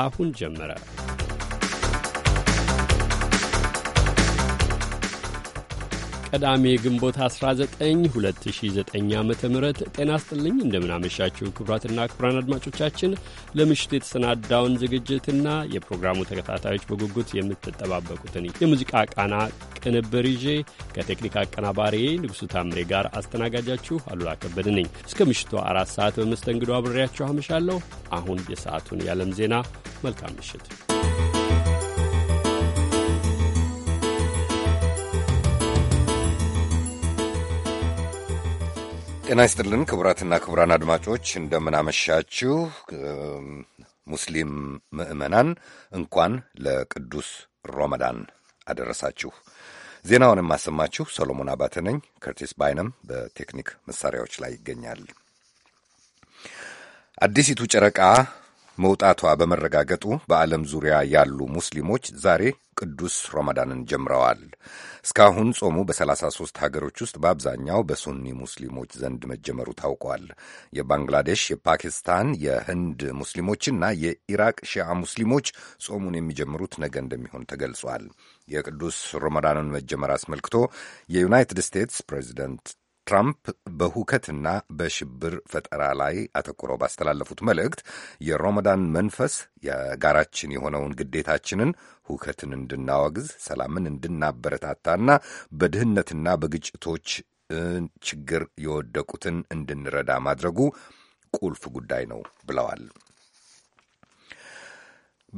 አሁን ጀመረ። ቅዳሜ ግንቦት 19 2009 ዓ ም ጤና ስጥልኝ። እንደምናመሻችሁ ክቡራትና ክቡራን አድማጮቻችን ለምሽቱ የተሰናዳውን ዝግጅትና የፕሮግራሙ ተከታታዮች በጉጉት የምትጠባበቁትን የሙዚቃ ቃና ቅንብር ይዤ ከቴክኒክ አቀናባሪ ንጉሡ ታምሬ ጋር አስተናጋጃችሁ አሉላ ከበድ ነኝ። እስከ ምሽቱ አራት ሰዓት በመስተንግዶ አብሬያችሁ አመሻለሁ። አሁን የሰዓቱን የዓለም ዜና። መልካም ምሽት። ጤና ይስጥልን ክቡራትና ክቡራን አድማጮች እንደምናመሻችሁ። ሙስሊም ምዕመናን እንኳን ለቅዱስ ሮመዳን አደረሳችሁ። ዜናውን የማሰማችሁ ሰሎሞን አባተ ነኝ። ከርቲስ ባይነም በቴክኒክ መሳሪያዎች ላይ ይገኛል። አዲሲቱ ጨረቃ መውጣቷ በመረጋገጡ በዓለም ዙሪያ ያሉ ሙስሊሞች ዛሬ ቅዱስ ረመዳንን ጀምረዋል። እስካሁን ጾሙ በ33 ሀገሮች ውስጥ በአብዛኛው በሱኒ ሙስሊሞች ዘንድ መጀመሩ ታውቋል። የባንግላዴሽ፣ የፓኪስታን፣ የህንድ ሙስሊሞችና የኢራቅ ሺዓ ሙስሊሞች ጾሙን የሚጀምሩት ነገ እንደሚሆን ተገልጿል። የቅዱስ ረመዳንን መጀመር አስመልክቶ የዩናይትድ ስቴትስ ፕሬዚደንት ትራምፕ በሁከትና በሽብር ፈጠራ ላይ አተኩረው ባስተላለፉት መልእክት የሮመዳን መንፈስ የጋራችን የሆነውን ግዴታችንን ሁከትን እንድናወግዝ፣ ሰላምን እንድናበረታታና በድህነትና በግጭቶች ችግር የወደቁትን እንድንረዳ ማድረጉ ቁልፍ ጉዳይ ነው ብለዋል።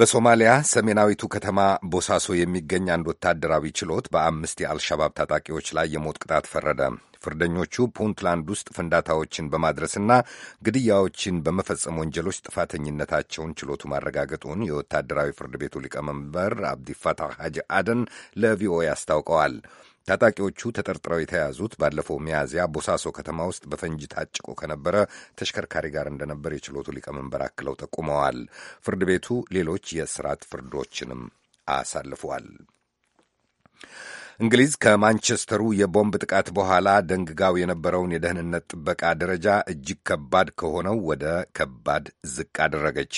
በሶማሊያ ሰሜናዊቱ ከተማ ቦሳሶ የሚገኝ አንድ ወታደራዊ ችሎት በአምስት የአልሻባብ ታጣቂዎች ላይ የሞት ቅጣት ፈረደ። ፍርደኞቹ ፑንትላንድ ውስጥ ፍንዳታዎችን በማድረስና ግድያዎችን በመፈጸም ወንጀሎች ጥፋተኝነታቸውን ችሎቱ ማረጋገጡን የወታደራዊ ፍርድ ቤቱ ሊቀመንበር አብዲፋታህ ሐጅ አደን ለቪኦኤ አስታውቀዋል። ታጣቂዎቹ ተጠርጥረው የተያዙት ባለፈው ሚያዝያ ቦሳሶ ከተማ ውስጥ በፈንጂ ታጭቆ ከነበረ ተሽከርካሪ ጋር እንደነበር የችሎቱ ሊቀመንበር አክለው ጠቁመዋል። ፍርድ ቤቱ ሌሎች የእስራት ፍርዶችንም አሳልፏል። እንግሊዝ ከማንቸስተሩ የቦምብ ጥቃት በኋላ ደንግጋው የነበረውን የደህንነት ጥበቃ ደረጃ እጅግ ከባድ ከሆነው ወደ ከባድ ዝቅ አደረገች።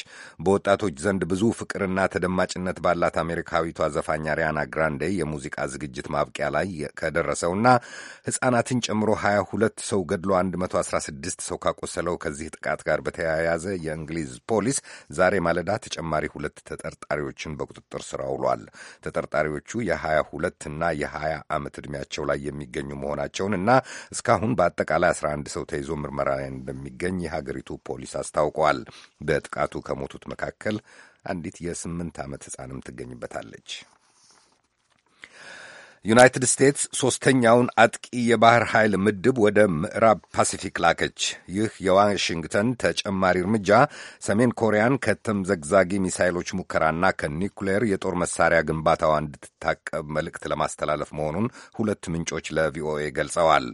በወጣቶች ዘንድ ብዙ ፍቅርና ተደማጭነት ባላት አሜሪካዊቷ ዘፋኝ አሪያና ግራንዴ የሙዚቃ ዝግጅት ማብቂያ ላይ ከደረሰውና ሕፃናትን ጨምሮ 22 ሰው ገድሎ 116 ሰው ካቆሰለው ከዚህ ጥቃት ጋር በተያያዘ የእንግሊዝ ፖሊስ ዛሬ ማለዳ ተጨማሪ ሁለት ተጠርጣሪዎችን በቁጥጥር ስር አውሏል። ተጠርጣሪዎቹ የ22 እና የሀያ 20 ዓመት ዕድሜያቸው ላይ የሚገኙ መሆናቸውን እና እስካሁን በአጠቃላይ 11 ሰው ተይዞ ምርመራ ላይ እንደሚገኝ የሀገሪቱ ፖሊስ አስታውቀዋል። በጥቃቱ ከሞቱት መካከል አንዲት የስምንት ዓመት ሕፃንም ትገኝበታለች። ዩናይትድ ስቴትስ ሦስተኛውን አጥቂ የባሕር ኃይል ምድብ ወደ ምዕራብ ፓሲፊክ ላከች። ይህ የዋሽንግተን ተጨማሪ እርምጃ ሰሜን ኮሪያን ከተምዘግዛጊ ሚሳይሎች ሙከራና ከኒኩሌር የጦር መሳሪያ ግንባታዋ እንድትታቀብ መልእክት ለማስተላለፍ መሆኑን ሁለት ምንጮች ለቪኦኤ ገልጸዋል።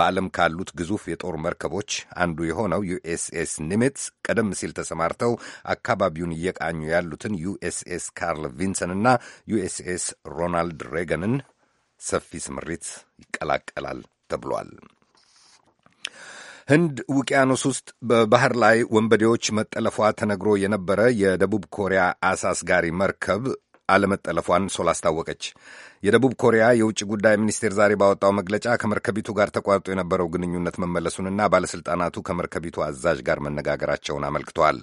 በዓለም ካሉት ግዙፍ የጦር መርከቦች አንዱ የሆነው ዩኤስኤስ ኒሚትስ ቀደም ሲል ተሰማርተው አካባቢውን እየቃኙ ያሉትን ዩኤስኤስ ካርል ቪንሰን እና ዩኤስኤስ ሮናልድ ሬገንን ሰፊ ስምሪት ይቀላቀላል ተብሏል። ህንድ ውቅያኖስ ውስጥ በባህር ላይ ወንበዴዎች መጠለፏ ተነግሮ የነበረ የደቡብ ኮሪያ አሳ አስጋሪ መርከብ አለመጠለፏን ሶል አስታወቀች። የደቡብ ኮሪያ የውጭ ጉዳይ ሚኒስቴር ዛሬ ባወጣው መግለጫ ከመርከቢቱ ጋር ተቋርጦ የነበረው ግንኙነት መመለሱንና ባለሥልጣናቱ ከመርከቢቱ አዛዥ ጋር መነጋገራቸውን አመልክቷል።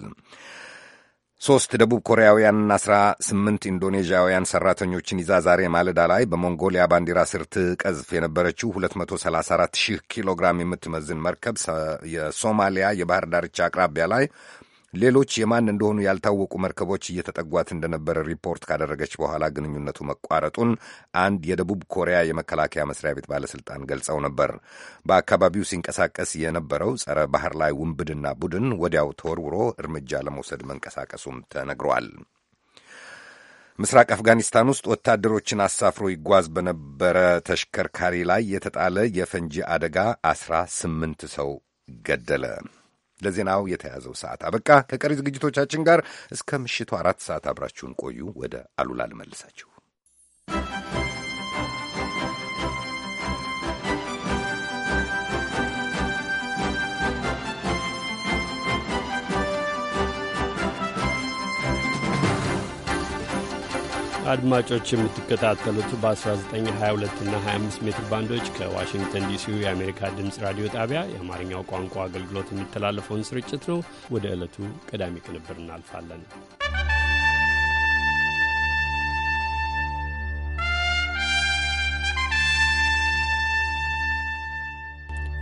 ሦስት ደቡብ ኮሪያውያንና አስራ ስምንት ኢንዶኔዥያውያን ሠራተኞችን ይዛ ዛሬ ማለዳ ላይ በሞንጎሊያ ባንዲራ ስር ትቀዝፍ የነበረችው 234 ሺህ ኪሎ ግራም የምትመዝን መርከብ የሶማሊያ የባህር ዳርቻ አቅራቢያ ላይ ሌሎች የማን እንደሆኑ ያልታወቁ መርከቦች እየተጠጓት እንደነበረ ሪፖርት ካደረገች በኋላ ግንኙነቱ መቋረጡን አንድ የደቡብ ኮሪያ የመከላከያ መስሪያ ቤት ባለሥልጣን ገልጸው ነበር። በአካባቢው ሲንቀሳቀስ የነበረው ጸረ ባህር ላይ ውንብድና ቡድን ወዲያው ተወርውሮ እርምጃ ለመውሰድ መንቀሳቀሱም ተነግሯል። ምስራቅ አፍጋኒስታን ውስጥ ወታደሮችን አሳፍሮ ይጓዝ በነበረ ተሽከርካሪ ላይ የተጣለ የፈንጂ አደጋ አስራ ስምንት ሰው ገደለ። ለዜናው የተያዘው ሰዓት አበቃ። ከቀሪ ዝግጅቶቻችን ጋር እስከ ምሽቱ አራት ሰዓት አብራችሁን ቆዩ። ወደ አሉላ ልመልሳችሁ። አድማጮች የምትከታተሉት በ1922 እና 25 ሜትር ባንዶች ከዋሽንግተን ዲሲው የአሜሪካ ድምፅ ራዲዮ ጣቢያ የአማርኛው ቋንቋ አገልግሎት የሚተላለፈውን ስርጭት ነው። ወደ ዕለቱ ቀዳሚ ቅንብር እናልፋለን።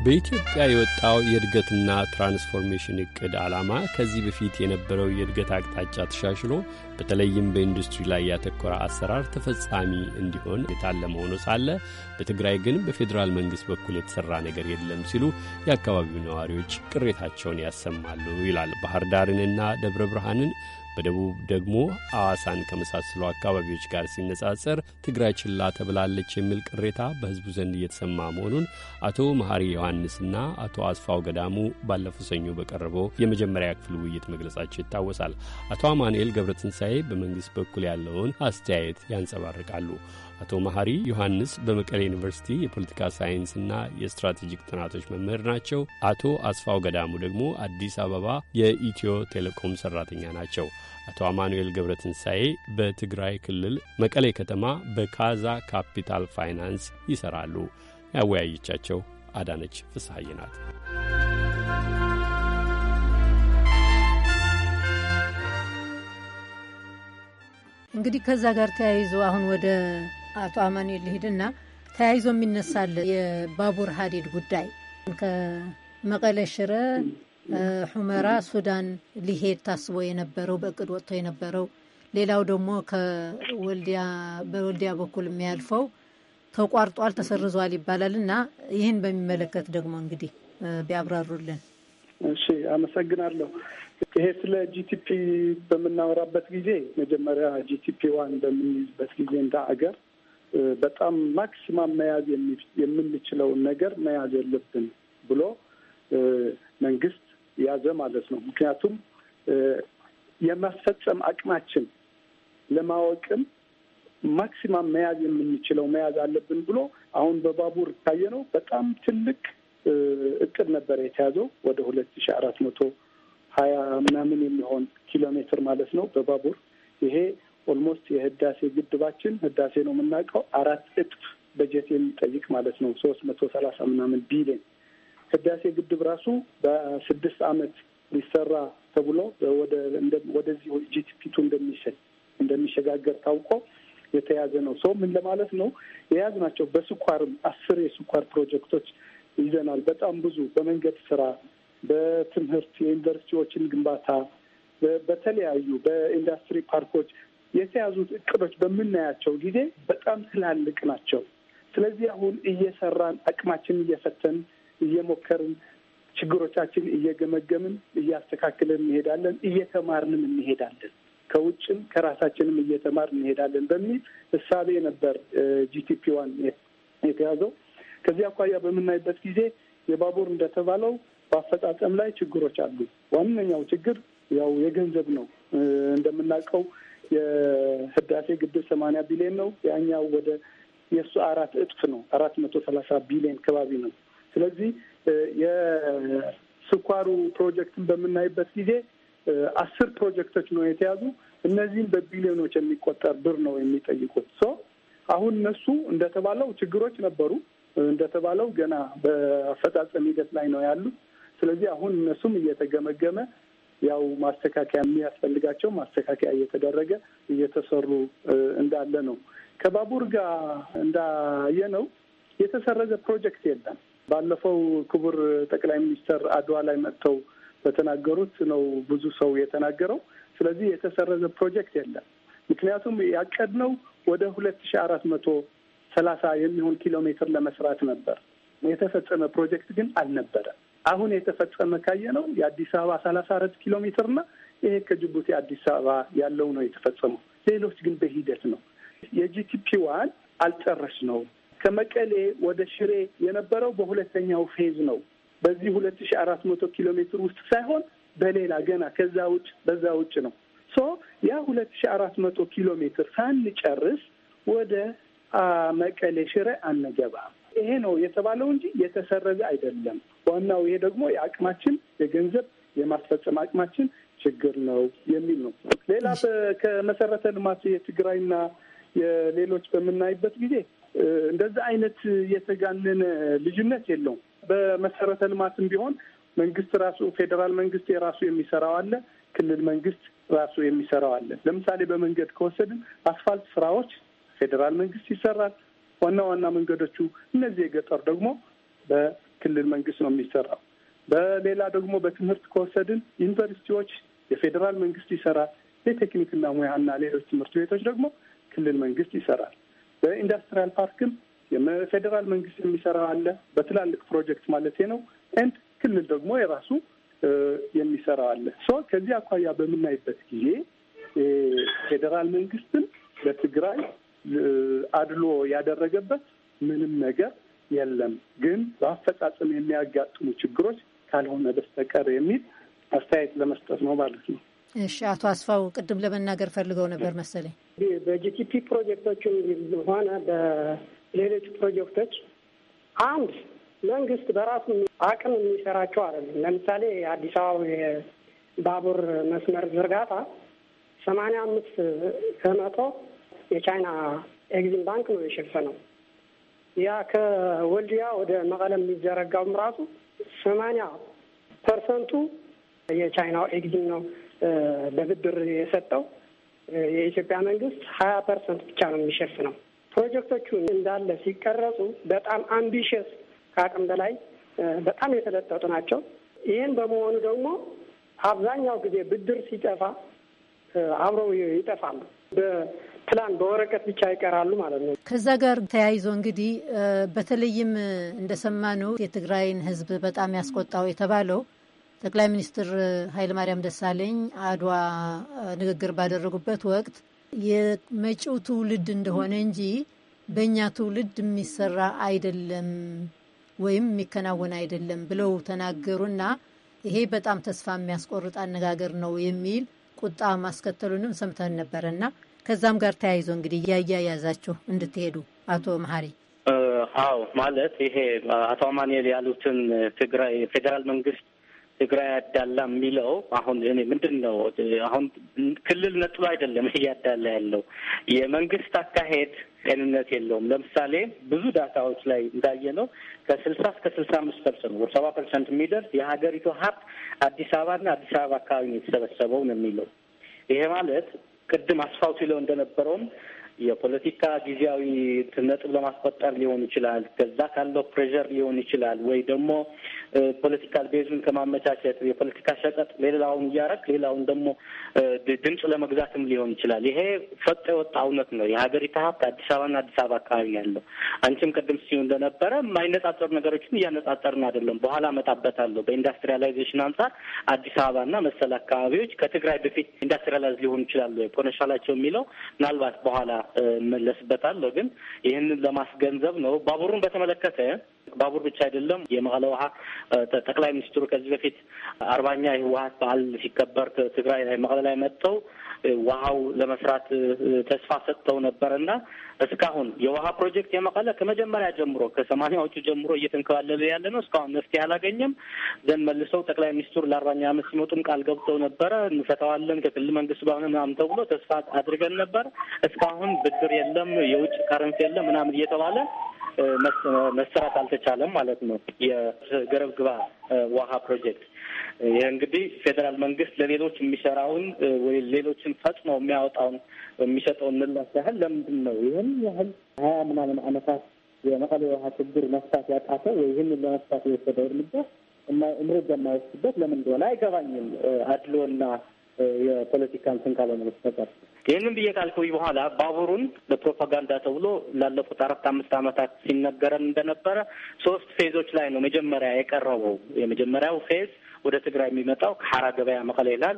በኢትዮጵያ የወጣው የእድገትና ትራንስፎርሜሽን እቅድ ዓላማ ከዚህ በፊት የነበረው የእድገት አቅጣጫ ተሻሽሎ በተለይም በኢንዱስትሪ ላይ ያተኮረ አሰራር ተፈጻሚ እንዲሆን የታለመ ሆኖ ሳለ በትግራይ ግን በፌዴራል መንግሥት በኩል የተሠራ ነገር የለም ሲሉ የአካባቢው ነዋሪዎች ቅሬታቸውን ያሰማሉ ይላል። ባህር ዳርንና ደብረ ብርሃንን በደቡብ ደግሞ አዋሳን ከመሳሰሉ አካባቢዎች ጋር ሲነጻጸር ትግራይ ችላ ተብላለች የሚል ቅሬታ በሕዝቡ ዘንድ እየተሰማ መሆኑን አቶ መሐሪ ዮሐንስና አቶ አስፋው ገዳሙ ባለፈው ሰኞ በቀረበው የመጀመሪያ ክፍል ውይይት መግለጻቸው ይታወሳል። አቶ አማኑኤል ገብረ ትንሣኤ በመንግሥት በኩል ያለውን አስተያየት ያንጸባርቃሉ። አቶ መሐሪ ዮሐንስ በመቀሌ ዩኒቨርሲቲ የፖለቲካ ሳይንስና የስትራቴጂክ ጥናቶች መምህር ናቸው። አቶ አስፋው ገዳሙ ደግሞ አዲስ አበባ የኢትዮ ቴሌኮም ሰራተኛ ናቸው። አቶ አማኑኤል ገብረ ትንሣኤ በትግራይ ክልል መቀሌ ከተማ በካዛ ካፒታል ፋይናንስ ይሠራሉ። ያወያየቻቸው አዳነች ፍስሐዬ ናት። እንግዲህ ከዛ ጋር ተያይዞ አሁን ወደ አቶ አማኑኤል ልሂድና ተያይዞ የሚነሳል የባቡር ሀዲድ ጉዳይ ከመቀለ ሽረ፣ ሁመራ፣ ሱዳን ሊሄድ ታስቦ የነበረው በእቅድ ወጥቶ የነበረው ሌላው ደግሞ በወልዲያ በኩል የሚያልፈው ተቋርጧል፣ ተሰርዟል ይባላል እና ይህን በሚመለከት ደግሞ እንግዲህ ቢያብራሩልን። እሺ፣ አመሰግናለሁ። ይሄ ስለ ጂቲፒ በምናወራበት ጊዜ መጀመሪያ ጂቲፒ ዋን በምንይዝበት ጊዜ እንደ አገር በጣም ማክሲማም መያዝ የምንችለውን ነገር መያዝ የለብን ብሎ መንግስት ያዘ ማለት ነው። ምክንያቱም የማስፈጸም አቅማችን ለማወቅም ማክሲማም መያዝ የምንችለው መያዝ አለብን ብሎ አሁን በባቡር ይታየነው ነው በጣም ትልቅ እቅድ ነበር የተያዘው ወደ ሁለት ሺ አራት መቶ ሀያ ምናምን የሚሆን ኪሎ ሜትር ማለት ነው በባቡር ይሄ ኦልሞስት የህዳሴ ግድባችን ህዳሴ ነው የምናውቀው አራት እጥፍ በጀት የሚጠይቅ ማለት ነው። ሶስት መቶ ሰላሳ ምናምን ቢሊዮን ህዳሴ ግድብ ራሱ በስድስት አመት ሊሰራ ተብሎ ወደዚህ ጂቲፒቱ እንደሚሸል እንደሚሸጋገር ታውቆ የተያዘ ነው። ሰው ምን ለማለት ነው የያዝ ናቸው። በስኳርም አስር የስኳር ፕሮጀክቶች ይዘናል። በጣም ብዙ በመንገድ ስራ፣ በትምህርት የዩኒቨርሲቲዎችን ግንባታ፣ በተለያዩ በኢንዱስትሪ ፓርኮች የተያዙት እቅዶች በምናያቸው ጊዜ በጣም ትላልቅ ናቸው። ስለዚህ አሁን እየሰራን አቅማችንን እየፈተን እየሞከርን ችግሮቻችን እየገመገምን እያስተካክልን እንሄዳለን፣ እየተማርንም እንሄዳለን። ከውጭም ከራሳችንም እየተማር እንሄዳለን በሚል እሳቤ ነበር ጂቲፒ ዋን የተያዘው። ከዚህ አኳያ በምናይበት ጊዜ የባቡር እንደተባለው በአፈጻጸም ላይ ችግሮች አሉ። ዋነኛው ችግር ያው የገንዘብ ነው። እንደምናውቀው የህዳሴ ግድብ ሰማንያ ቢሊዮን ነው። ያኛው ወደ የእሱ አራት እጥፍ ነው፣ አራት መቶ ሰላሳ ቢሊዮን ከባቢ ነው። ስለዚህ የስኳሩ ፕሮጀክትን በምናይበት ጊዜ አስር ፕሮጀክቶች ነው የተያዙ። እነዚህም በቢሊዮኖች የሚቆጠር ብር ነው የሚጠይቁት። ሶ አሁን እነሱ እንደተባለው ችግሮች ነበሩ፣ እንደተባለው ገና በአፈጻጸም ሂደት ላይ ነው ያሉት። ስለዚህ አሁን እነሱም እየተገመገመ ያው ማስተካከያ የሚያስፈልጋቸው ማስተካከያ እየተደረገ እየተሰሩ እንዳለ ነው። ከባቡር ጋር እንዳየ ነው የተሰረዘ ፕሮጀክት የለም። ባለፈው ክቡር ጠቅላይ ሚኒስተር አድዋ ላይ መጥተው በተናገሩት ነው ብዙ ሰው የተናገረው። ስለዚህ የተሰረዘ ፕሮጀክት የለም። ምክንያቱም ያቀድነው ወደ ሁለት ሺ አራት መቶ ሰላሳ የሚሆን ኪሎ ሜትር ለመስራት ነበር። የተፈጸመ ፕሮጀክት ግን አልነበረም። አሁን የተፈጸመ ካየ ነው የአዲስ አበባ ሰላሳ አራት ኪሎ ሜትር እና ይሄ ከጅቡቲ አዲስ አበባ ያለው ነው የተፈጸመው። ሌሎች ግን በሂደት ነው። የጂቲፒ ዋን አልጨረስ ነው። ከመቀሌ ወደ ሽሬ የነበረው በሁለተኛው ፌዝ ነው። በዚህ ሁለት ሺ አራት መቶ ኪሎ ሜትር ውስጥ ሳይሆን በሌላ ገና ከዛ ውጭ በዛ ውጭ ነው። ሶ ያ ሁለት ሺ አራት መቶ ኪሎ ሜትር ሳንጨርስ ወደ መቀሌ ሽሬ አንገባም። ይሄ ነው የተባለው እንጂ የተሰረዘ አይደለም። ዋናው ይሄ ደግሞ የአቅማችን የገንዘብ የማስፈጸም አቅማችን ችግር ነው የሚል ነው። ሌላ ከመሰረተ ልማት የትግራይና የሌሎች በምናይበት ጊዜ እንደዛ አይነት የተጋነነ ልዩነት የለውም። በመሰረተ ልማትም ቢሆን መንግስት ራሱ ፌዴራል መንግስት የራሱ የሚሰራው አለ፣ ክልል መንግስት ራሱ የሚሰራው አለ። ለምሳሌ በመንገድ ከወሰድን አስፋልት ስራዎች ፌዴራል መንግስት ይሰራል፣ ዋና ዋና መንገዶቹ እነዚህ የገጠር ደግሞ በክልል መንግስት ነው የሚሰራው። በሌላ ደግሞ በትምህርት ከወሰድን ዩኒቨርሲቲዎች የፌዴራል መንግስት ይሰራል። የቴክኒክና ሙያና ሌሎች ትምህርት ቤቶች ደግሞ ክልል መንግስት ይሰራል። በኢንዱስትሪያል ፓርክም የፌዴራል መንግስት የሚሰራው አለ፣ በትላልቅ ፕሮጀክት ማለት ነው። ኤንድ ክልል ደግሞ የራሱ የሚሰራው አለ። ሶ ከዚህ አኳያ በምናይበት ጊዜ ፌዴራል መንግስትም ለትግራይ አድሎ ያደረገበት ምንም ነገር የለም። ግን በአፈጻጸም የሚያጋጥሙ ችግሮች ካልሆነ በስተቀር የሚል አስተያየት ለመስጠት ነው ማለት ነው። እሺ፣ አቶ አስፋው ቅድም ለመናገር ፈልገው ነበር መሰለኝ። በጂቲፒ ፕሮጀክቶችም ሆነ በሌሎች ፕሮጀክቶች አንድ መንግስት በራሱ አቅም የሚሰራቸው አይደለም። ለምሳሌ የአዲስ አበባ የባቡር መስመር ዝርጋታ ሰማንያ አምስት ከመቶ የቻይና ኤግዚም ባንክ ነው የሸፈነው። ያ ከወልዲያ ወደ መቀለ የሚዘረጋውም ራሱ ሰማንያ ፐርሰንቱ የቻይናው ኤግዚም ነው በብድር የሰጠው። የኢትዮጵያ መንግስት ሀያ ፐርሰንት ብቻ ነው የሚሸፍነው። ፕሮጀክቶቹ እንዳለ ሲቀረጹ በጣም አምቢሽየስ ከአቅም በላይ በጣም የተለጠጡ ናቸው። ይህን በመሆኑ ደግሞ አብዛኛው ጊዜ ብድር ሲጠፋ አብረው ይጠፋሉ። ፕላን በወረቀት ብቻ ይቀራሉ ማለት ነው። ከዛ ጋር ተያይዞ እንግዲህ በተለይም እንደሰማነው የትግራይን ህዝብ በጣም ያስቆጣው የተባለው ጠቅላይ ሚኒስትር ኃይለማርያም ደሳለኝ አድዋ ንግግር ባደረጉበት ወቅት የመጪው ትውልድ እንደሆነ እንጂ በእኛ ትውልድ የሚሰራ አይደለም ወይም የሚከናወን አይደለም ብለው ተናገሩና ይሄ በጣም ተስፋ የሚያስቆርጥ አነጋገር ነው የሚል ቁጣ ማስከተሉንም ሰምተን ነበረና ከዛም ጋር ተያይዞ እንግዲህ እያያያዛችሁ እንድትሄዱ አቶ መሀሪ አዎ ማለት ይሄ አቶ አማኑኤል ያሉትን ትግራይ ፌዴራል መንግስት ትግራይ ያዳላ የሚለው አሁን እኔ ምንድን ነው አሁን ክልል ነጥሎ አይደለም እያዳላ ያለው የመንግስት አካሄድ ጤንነት የለውም። ለምሳሌ ብዙ ዳታዎች ላይ እንዳየ ነው ከስልሳ እስከ ስልሳ አምስት ፐርሰንት ወደ ሰባ ፐርሰንት የሚደርስ የሀገሪቱ ሀብት አዲስ አበባና አዲስ አበባ አካባቢ የተሰበሰበው ነው የሚለው ይሄ ማለት ቅድም አስፋው ሲለው እንደነበረውም የፖለቲካ ጊዜያዊ ነጥብ ለማስቆጠር ሊሆን ይችላል። ከዛ ካለው ፕሬዠር ሊሆን ይችላል ወይ ደግሞ ፖለቲካል ቤዙን ከማመቻቸት የፖለቲካ ሸቀጥ ሌላውን እያረክ ሌላውን ደግሞ ድምፅ ለመግዛትም ሊሆን ይችላል። ይሄ ፈጦ የወጣ እውነት ነው። የሀገሪቱ ሀብት አዲስ አበባና አዲስ አበባ አካባቢ ያለው አንቺም ቅድም ሲሁ እንደነበረ የማይነጻጸሩ ነገሮችን እያነጻጸርን አይደለም። በኋላ እመጣበታለሁ። በኢንዱስትሪያላይዜሽን አንጻር አዲስ አበባና መሰል አካባቢዎች ከትግራይ በፊት ኢንዱስትሪያላይዝ ሊሆን ይችላሉ። ፖቴንሻላቸው የሚለው ምናልባት በኋላ እመለስበታለሁ። ግን ይህንን ለማስገንዘብ ነው። ባቡሩን በተመለከተ ባቡር ብቻ አይደለም። የመቀለ ውሃ ጠቅላይ ሚኒስትሩ ከዚህ በፊት አርባኛ የህወሀት በዓል ሲከበር ትግራይ ላይ መቀለ ላይ መጥተው ውሃው ለመስራት ተስፋ ሰጥተው ነበር እና እስካሁን የውሃ ፕሮጀክት የመቀለ ከመጀመሪያ ጀምሮ ከሰማኒያዎቹ ጀምሮ እየተንከባለለ ያለ ነው። እስካሁን መፍትሄ አላገኘም። ዘን መልሰው ጠቅላይ ሚኒስትሩ ለአርባኛ ዓመት ሲመጡም ቃል ገብተው ነበረ እንፈታዋለን ከክልል መንግስት ባሆነ ምናምን ተብሎ ተስፋ አድርገን ነበር። እስካሁን ብድር የለም፣ የውጭ ከረንስ የለም ምናምን እየተባለ መሰራት አልተቻለም ማለት ነው የገረብ ግባ ውሃ ፕሮጀክት ይህ እንግዲህ ፌዴራል መንግስት ለሌሎች የሚሰራውን ወይ ሌሎችን ፈጥኖ የሚያወጣውን የሚሰጠውን ምላሽ ያህል ለምንድን ነው ይህን ያህል ሀያ ምናምን አመታት የመቀሌ ውሃ ችግር መፍታት ያቃተ ወይ ይህንን ለመፍታት የወሰደው እርምጃ እምርጃ የማይወስድበት ለምን እንደሆነ አይገባኝም። አድሎና የፖለቲካን እንትን ካለመ ይህንን ብዬ ካልኩኝ በኋላ ባቡሩን ለፕሮፓጋንዳ ተብሎ ላለፉት አራት አምስት ዓመታት ሲነገረን እንደነበረ ሶስት ፌዞች ላይ ነው መጀመሪያ የቀረበው። የመጀመሪያው ፌዝ ወደ ትግራይ የሚመጣው ከሓራ ገበያ መቀለ ይላል።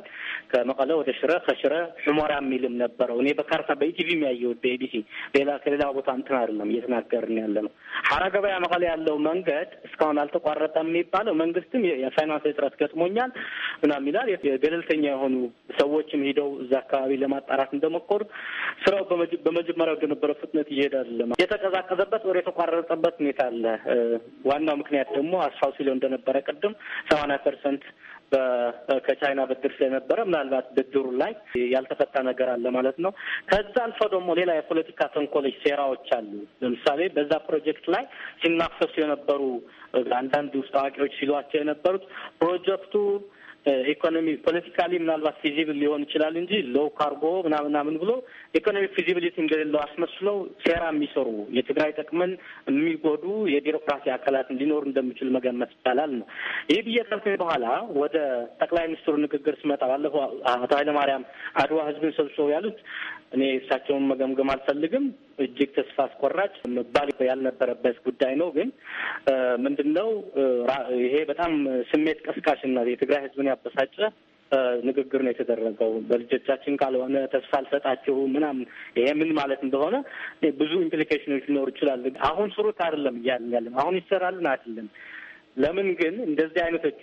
ከመቀለ ወደ ሽረ፣ ከሽረ ሕሞራ የሚልም ነበረው። እኔ በካርታ በኢቲቪ የሚያየሁት በኤቢሲ ሌላ ከሌላ ቦታ እንትን አይደለም እየተናገርን ያለ ነው። ሓራ ገበያ መቀለ ያለው መንገድ እስካሁን አልተቋረጠም የሚባለው መንግስትም የፋይናንስ እጥረት ገጥሞኛል ምናምን ይላል። የገለልተኛ የሆኑ ሰዎችም ሂደው እዛ አካባቢ ለማጣራት እንደሞከሩት ስራው በመጀመሪያው በነበረው ፍጥነት እየሄደ አይደለም። የተቀዛቀዘበት ወደ የተቋረጠበት ሁኔታ አለ። ዋናው ምክንያት ደግሞ አስፋው ሲለው እንደነበረ ቅድም ሰማንያ ፐርሰንት ፐርሰንት ከቻይና ብድር ስለነበረ ምናልባት ብድሩ ላይ ያልተፈታ ነገር አለ ማለት ነው። ከዛ አልፎ ደግሞ ሌላ የፖለቲካ ተንኮሎች፣ ሴራዎች አሉ። ለምሳሌ በዛ ፕሮጀክት ላይ ሲናፈሱ የነበሩ አንዳንድ ውስጥ አዋቂዎች ሲሏቸው የነበሩት ፕሮጀክቱ ኢኮኖሚ ፖለቲካሊ ምናልባት ፊዚብል ሊሆን ይችላል እንጂ ሎው ካርጎ ምናምን ብሎ ኢኮኖሚ ፊዚብሊቲ እንደሌለው አስመስለው ሴራ የሚሰሩ የትግራይ ጥቅምን የሚጎዱ የቢሮክራሲ አካላት እንዲኖሩ እንደሚችል መገመት ይቻላል ነው። ይህ ብዬ ካልኩኝ በኋላ ወደ ጠቅላይ ሚኒስትሩ ንግግር ስመጣ ባለፈው አቶ ኃይለማርያም አድዋ ህዝብን ሰብስበው ያሉት እኔ እሳቸውን መገምገም አልፈልግም። እጅግ ተስፋ አስቆራጭ መባል ያልነበረበት ጉዳይ ነው። ግን ምንድን ነው ይሄ በጣም ስሜት ቀስቃሽና የትግራይ ሕዝብን ያበሳጨ ንግግር ነው የተደረገው። በልጆቻችን ካልሆነ ተስፋ አልሰጣችሁ ምናምን፣ ይሄ ምን ማለት እንደሆነ ብዙ ኢምፕሊኬሽኖች ሊኖሩ ይችላል። አሁን ስሩት አይደለም እያልን ያለን አሁን ይሰራልን አይደለም ለምን ግን እንደዚህ አይነቶቹ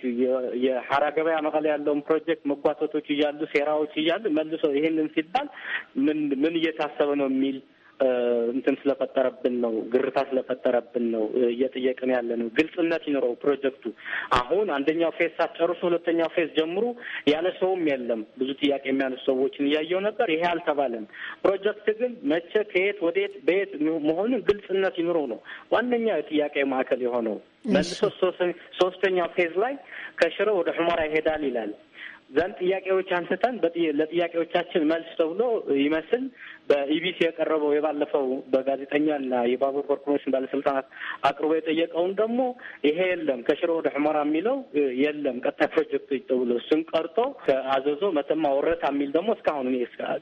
የሀራ ገበያ መቀሌ ያለውን ፕሮጀክት መጓተቶች እያሉ ሴራዎች እያሉ መልሶ ይሄንን ሲባል ምን ምን እየታሰበ ነው የሚል እንትን ስለፈጠረብን ነው፣ ግርታ ስለፈጠረብን ነው እየጠየቅን ያለ ነው። ግልጽነት ይኖረው ፕሮጀክቱ። አሁን አንደኛው ፌዝ ሳትጨርሱ ሁለተኛው ፌዝ ጀምሩ ያለ ሰውም የለም። ብዙ ጥያቄ የሚያነሱ ሰዎችን እያየው ነበር። ይሄ አልተባለም። ፕሮጀክት ግን መቼ፣ ከየት ወዴት፣ በየት መሆኑን ግልጽነት ይኑረው ነው ዋነኛ የጥያቄ ማዕከል የሆነው። መልሶ ሶስተኛው ፌዝ ላይ ከሽረ ወደ ሑመራ ይሄዳል ይላል። ዘንድ ጥያቄዎች አንስተን ለጥያቄዎቻችን መልስ ተብሎ ይመስል በኢቢሲ የቀረበው የባለፈው በጋዜጠኛና የባቡር ኮርፖሬሽን ባለስልጣናት አቅርቦ የጠየቀውን ደግሞ ይሄ የለም ከሽሮ ወደ ሑመራ የሚለው የለም ቀጣይ ፕሮጀክቶች ተብሎ እሱን ቀርጦ ከአዘዞ መተማ ወረታ የሚል ደግሞ እስካሁን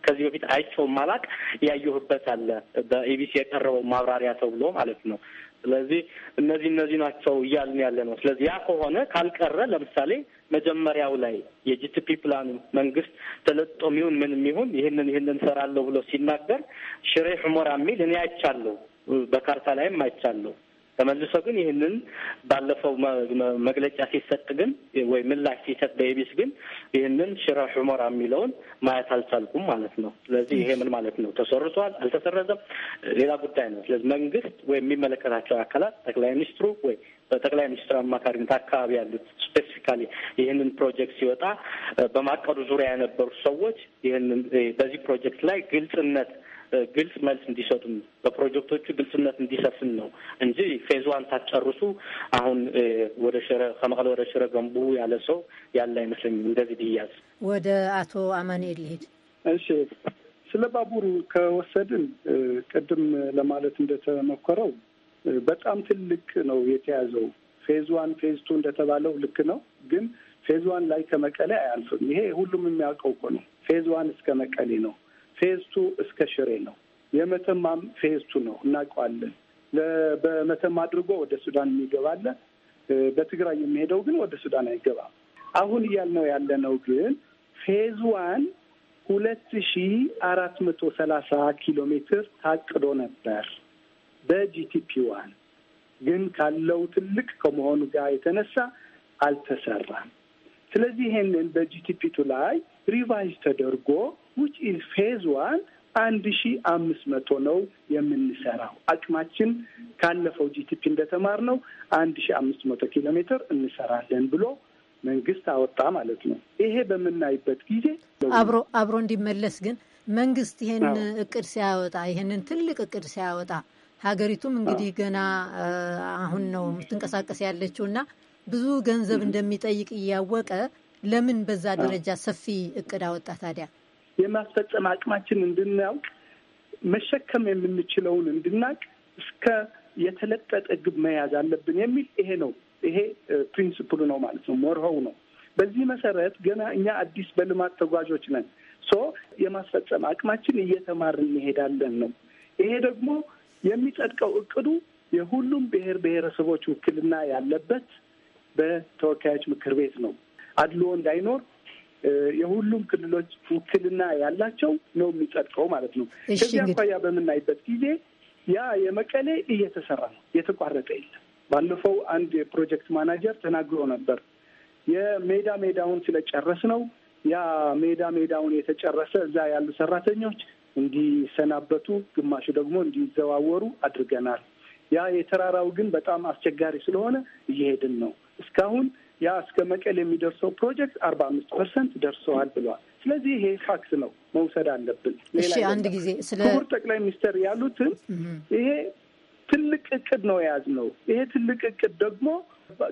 ከዚህ በፊት አይቼው ማላቅ ያየሁበት አለ በኢቢሲ የቀረበው ማብራሪያ ተብሎ ማለት ነው። ስለዚህ እነዚህ እነዚህ ናቸው እያልን ያለ ነው። ስለዚህ ያ ከሆነ ካልቀረ ለምሳሌ መጀመሪያው ላይ የጂቲፒ ፕላኑ መንግስት ተለጦ ሚሁን ምን ሚሁን ይህንን ይህንን ሰራለሁ ብሎ ሲናገር ሽሬ ሑመራ የሚል እኔ አይቻለሁ፣ በካርታ ላይም አይቻለሁ። ተመልሶ ግን ይህንን ባለፈው መግለጫ ሲሰጥ ግን ወይ ምላሽ ሲሰጥ በኢቢስ ግን ይህንን ሽረ ሑመራ የሚለውን ማየት አልቻልኩም ማለት ነው። ስለዚህ ይሄ ምን ማለት ነው? ተሰርቷል አልተሰረዘም፣ ሌላ ጉዳይ ነው። ስለዚህ መንግስት ወይ የሚመለከታቸው አካላት ጠቅላይ ሚኒስትሩ ወይ በጠቅላይ ሚኒስትር አማካሪነት አካባቢ ያሉት ስፔሲፊካሊ ይህንን ፕሮጀክት ሲወጣ በማቀዱ ዙሪያ የነበሩ ሰዎች ይህንን በዚህ ፕሮጀክት ላይ ግልጽነት ግልጽ መልስ እንዲሰጡ በፕሮጀክቶቹ ግልጽነት እንዲሰፍን ነው እንጂ ፌዝ ዋን ታጨርሱ አሁን ወደ ሽረ ከመቀለ ወደ ሽረ ገንቡ ያለ ሰው ያለ አይመስለኝም። እንደዚህ ብያዝ ወደ አቶ አማኑኤል ይሄድ። እሺ፣ ስለ ባቡር ከወሰድን ቅድም ለማለት እንደተሞከረው በጣም ትልቅ ነው የተያዘው። ፌዝ ዋን ፌዝ ቱ እንደተባለው ልክ ነው፣ ግን ፌዝ ዋን ላይ ከመቀሌ አያልፍም። ይሄ ሁሉም የሚያውቀው እኮ ነው። ፌዝ ዋን እስከ መቀሌ ነው። ፌዝ ቱ እስከ ሽሬ ነው። የመተማም ፌዝ ቱ ነው፣ እናውቀዋለን። በመተማ አድርጎ ወደ ሱዳን የሚገባለ በትግራይ የሚሄደው ግን ወደ ሱዳን አይገባም። አሁን እያልነው ያለነው ግን ፌዝ ዋን ሁለት ሺ አራት መቶ ሰላሳ ኪሎ ሜትር ታቅዶ ነበር። በጂቲፒ ዋን ግን ካለው ትልቅ ከመሆኑ ጋር የተነሳ አልተሰራም። ስለዚህ ይሄንን በጂቲፒ ቱ ላይ ሪቫይዝ ተደርጎ ዊች ኢዝ ፌዝ ዋን አንድ ሺ አምስት መቶ ነው የምንሰራው። አቅማችን ካለፈው ጂቲፒ እንደተማርነው አንድ ሺ አምስት መቶ ኪሎ ሜትር እንሰራለን ብሎ መንግስት አወጣ ማለት ነው። ይሄ በምናይበት ጊዜ አብሮ አብሮ እንዲመለስ ግን መንግስት ይሄን እቅድ ሲያወጣ ይሄንን ትልቅ እቅድ ሲያወጣ ሀገሪቱም እንግዲህ ገና አሁን ነው የምትንቀሳቀስ ያለችው እና ብዙ ገንዘብ እንደሚጠይቅ እያወቀ ለምን በዛ ደረጃ ሰፊ እቅድ አወጣ ታዲያ? የማስፈጸም አቅማችን እንድናውቅ መሸከም የምንችለውን እንድናቅ እስከ የተለጠጠ ግብ መያዝ አለብን የሚል ይሄ ነው ይሄ ፕሪንስፕሉ ነው ማለት ነው፣ መርሆው ነው። በዚህ መሰረት ገና እኛ አዲስ በልማት ተጓዦች ነን። ሶ የማስፈጸም አቅማችን እየተማርን እንሄዳለን ነው። ይሄ ደግሞ የሚጸድቀው እቅዱ የሁሉም ብሔር ብሔረሰቦች ውክልና ያለበት በተወካዮች ምክር ቤት ነው። አድልዎ እንዳይኖር የሁሉም ክልሎች ውክልና ያላቸው ነው የሚጸድቀው ማለት ነው። ከዚህ አኳያ በምናይበት ጊዜ ያ የመቀሌ እየተሰራ ነው፣ የተቋረጠ የለም። ባለፈው አንድ የፕሮጀክት ማናጀር ተናግሮ ነበር። የሜዳ ሜዳውን ስለጨረስ ነው ያ ሜዳ ሜዳውን የተጨረሰ እዛ ያሉ ሰራተኞች እንዲሰናበቱ፣ ግማሹ ደግሞ እንዲዘዋወሩ አድርገናል። ያ የተራራው ግን በጣም አስቸጋሪ ስለሆነ እየሄድን ነው። እስካሁን ያ እስከ መቀል የሚደርሰው ፕሮጀክት አርባ አምስት ፐርሰንት ደርሰዋል ብሏል። ስለዚህ ይሄ ፋክስ ነው መውሰድ አለብን። አንድ ጊዜ ስለ ክቡር ጠቅላይ ሚኒስትር ያሉትን ይሄ ትልቅ እቅድ ነው የያዝነው። ይሄ ትልቅ እቅድ ደግሞ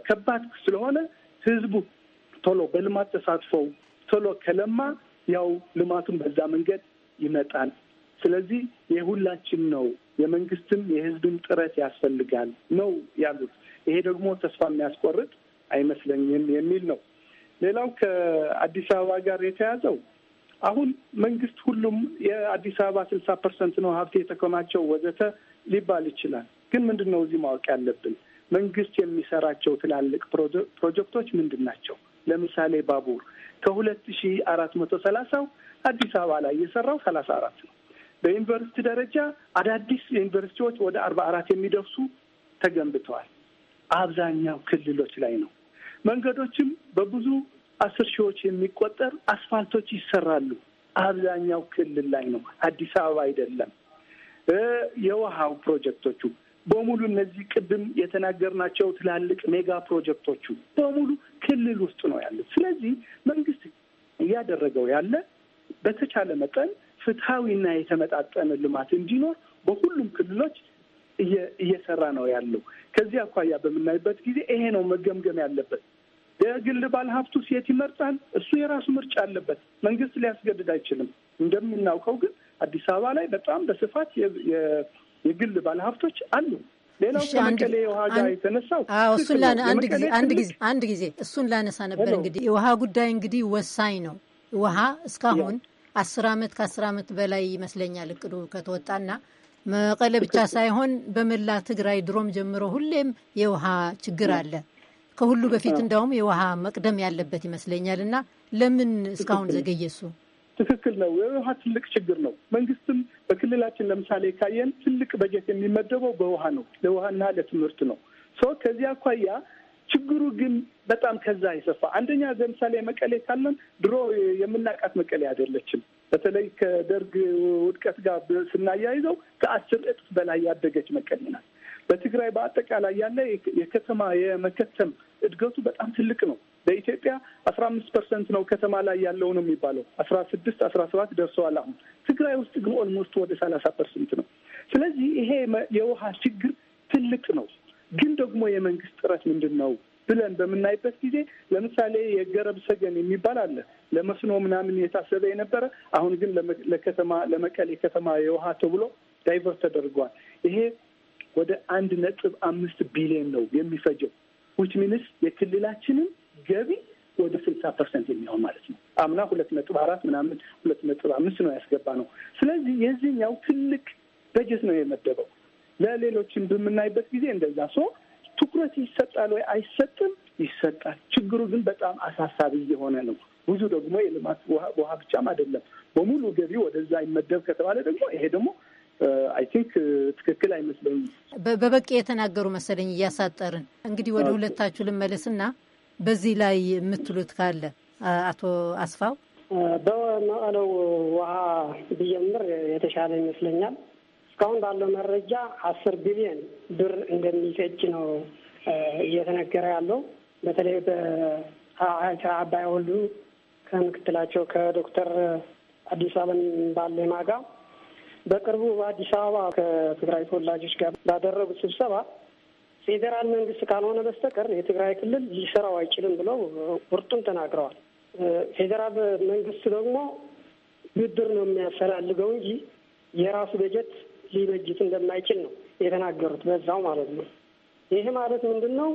ከባድ ስለሆነ ህዝቡ ቶሎ በልማት ተሳትፈው ቶሎ ከለማ ያው ልማቱን በዛ መንገድ ይመጣል። ስለዚህ የሁላችን ነው፣ የመንግስትም የህዝብም ጥረት ያስፈልጋል ነው ያሉት። ይሄ ደግሞ ተስፋ የሚያስቆርጥ አይመስለኝም የሚል ነው። ሌላው ከአዲስ አበባ ጋር የተያዘው አሁን መንግስት ሁሉም የአዲስ አበባ ስልሳ ፐርሰንት ነው ሀብት የተከማቸው ወዘተ ሊባል ይችላል። ግን ምንድን ነው እዚህ ማወቅ ያለብን መንግስት የሚሰራቸው ትላልቅ ፕሮጀክቶች ምንድን ናቸው? ለምሳሌ ባቡር ከሁለት ሺ አራት መቶ ሰላሳው አዲስ አበባ ላይ የሰራው ሰላሳ አራት ነው። በዩኒቨርሲቲ ደረጃ አዳዲስ ዩኒቨርሲቲዎች ወደ አርባ አራት የሚደርሱ ተገንብተዋል። አብዛኛው ክልሎች ላይ ነው። መንገዶችም በብዙ አስር ሺዎች የሚቆጠር አስፋልቶች ይሰራሉ። አብዛኛው ክልል ላይ ነው፣ አዲስ አበባ አይደለም። የውሃው ፕሮጀክቶቹ በሙሉ እነዚህ ቅድም የተናገርናቸው ትላልቅ ሜጋ ፕሮጀክቶቹ በሙሉ ክልል ውስጥ ነው ያሉት። ስለዚህ መንግስት እያደረገው ያለ በተቻለ መጠን ፍትሐዊና የተመጣጠነ ልማት እንዲኖር በሁሉም ክልሎች እየሰራ ነው ያለው። ከዚህ አኳያ በምናይበት ጊዜ ይሄ ነው መገምገም ያለበት። የግል ባለሀብቱ ሴት ይመርጣል። እሱ የራሱ ምርጫ አለበት። መንግስት ሊያስገድድ አይችልም። እንደምናውቀው ግን አዲስ አበባ ላይ በጣም በስፋት የግል ባለሀብቶች አሉ። ሌላው ከመቀሌ የውሃ ጋር የተነሳው እሱን አንድ ጊዜ አንድ ጊዜ እሱን ላነሳ ነበር። እንግዲህ የውሃ ጉዳይ እንግዲህ ወሳኝ ነው። ውሃ እስካሁን አስር ዓመት ከአስር ዓመት በላይ ይመስለኛል እቅዱ ከተወጣና መቀለ ብቻ ሳይሆን በመላ ትግራይ ድሮም ጀምሮ ሁሌም የውሃ ችግር አለ። ከሁሉ በፊት እንደውም የውሃ መቅደም ያለበት ይመስለኛል። እና ለምን እስካሁን ዘገየሱ? ትክክል ነው። የውሃ ትልቅ ችግር ነው። መንግስትም በክልላችን ለምሳሌ ካየን ትልቅ በጀት የሚመደበው በውሃ ነው፣ ለውሃና ለትምህርት ነው። ከዚህ አኳያ ችግሩ ግን በጣም ከዛ የሰፋ አንደኛ ለምሳሌ መቀሌ ካለን ድሮ የምናቃት መቀሌ አይደለችም። በተለይ ከደርግ ውድቀት ጋር ስናያይዘው ከአስር እጥፍ በላይ ያደገች መቀሌ ናት። በትግራይ በአጠቃላይ ያለ የከተማ የመከተም እድገቱ በጣም ትልቅ ነው። በኢትዮጵያ አስራ አምስት ፐርሰንት ነው ከተማ ላይ ያለው ነው የሚባለው። አስራ ስድስት አስራ ሰባት ደርሰዋል አሁን። ትግራይ ውስጥ ግን ኦልሞስት ወደ ሰላሳ ፐርሰንት ነው። ስለዚህ ይሄ የውሃ ችግር ትልቅ ነው። ግን ደግሞ የመንግስት ጥረት ምንድን ነው ብለን በምናይበት ጊዜ ለምሳሌ የገረብ ሰገን የሚባል አለ። ለመስኖ ምናምን የታሰበ የነበረ አሁን ግን ለከተማ ለመቀሌ ከተማ የውሃ ተብሎ ዳይቨር ተደርጓል። ይሄ ወደ አንድ ነጥብ አምስት ቢሊዮን ነው የሚፈጀው ዊች ሚንስ የክልላችንን ገቢ ወደ ስልሳ ፐርሰንት የሚሆን ማለት ነው። አምና ሁለት ነጥብ አራት ምናምን ሁለት ነጥብ አምስት ነው ያስገባ ነው። ስለዚህ የዚህኛው ትልቅ በጀት ነው የመደበው ለሌሎችን በምናይበት ጊዜ እንደዛ ሶ ትኩረት ይሰጣል ወይ አይሰጥም? ይሰጣል። ችግሩ ግን በጣም አሳሳቢ እየሆነ ነው። ብዙ ደግሞ የልማት ውሃ ብቻም አይደለም በሙሉ ገቢ ወደዛ ይመደብ ከተባለ ደግሞ ይሄ ደግሞ አይ ቲንክ ትክክል አይመስለኝም። በበቂ የተናገሩ መሰለኝ እያሳጠርን እንግዲህ ወደ ሁለታችሁ ልመለስና በዚህ ላይ የምትሉት ካለ አቶ አስፋው በመቀለው ውሃ ብጀምር የተሻለ ይመስለኛል። እስካሁን ባለው መረጃ አስር ቢሊዮን ብር እንደሚፈጅ ነው እየተነገረ ያለው። በተለይ በአባይ ወልዱ ከምክትላቸው ከዶክተር አዲስ አለም ባለ ማጋ በቅርቡ በአዲስ አበባ ከትግራይ ተወላጆች ጋር ባደረጉት ስብሰባ ፌዴራል መንግስት ካልሆነ በስተቀር የትግራይ ክልል ሊሰራው አይችልም ብለው ቁርጡን ተናግረዋል። ፌዴራል መንግስት ደግሞ ብድር ነው የሚያፈላልገው እንጂ የራሱ በጀት ሊበጅት እንደማይችል ነው የተናገሩት። በዛው ማለት ነው። ይህ ማለት ምንድን ነው?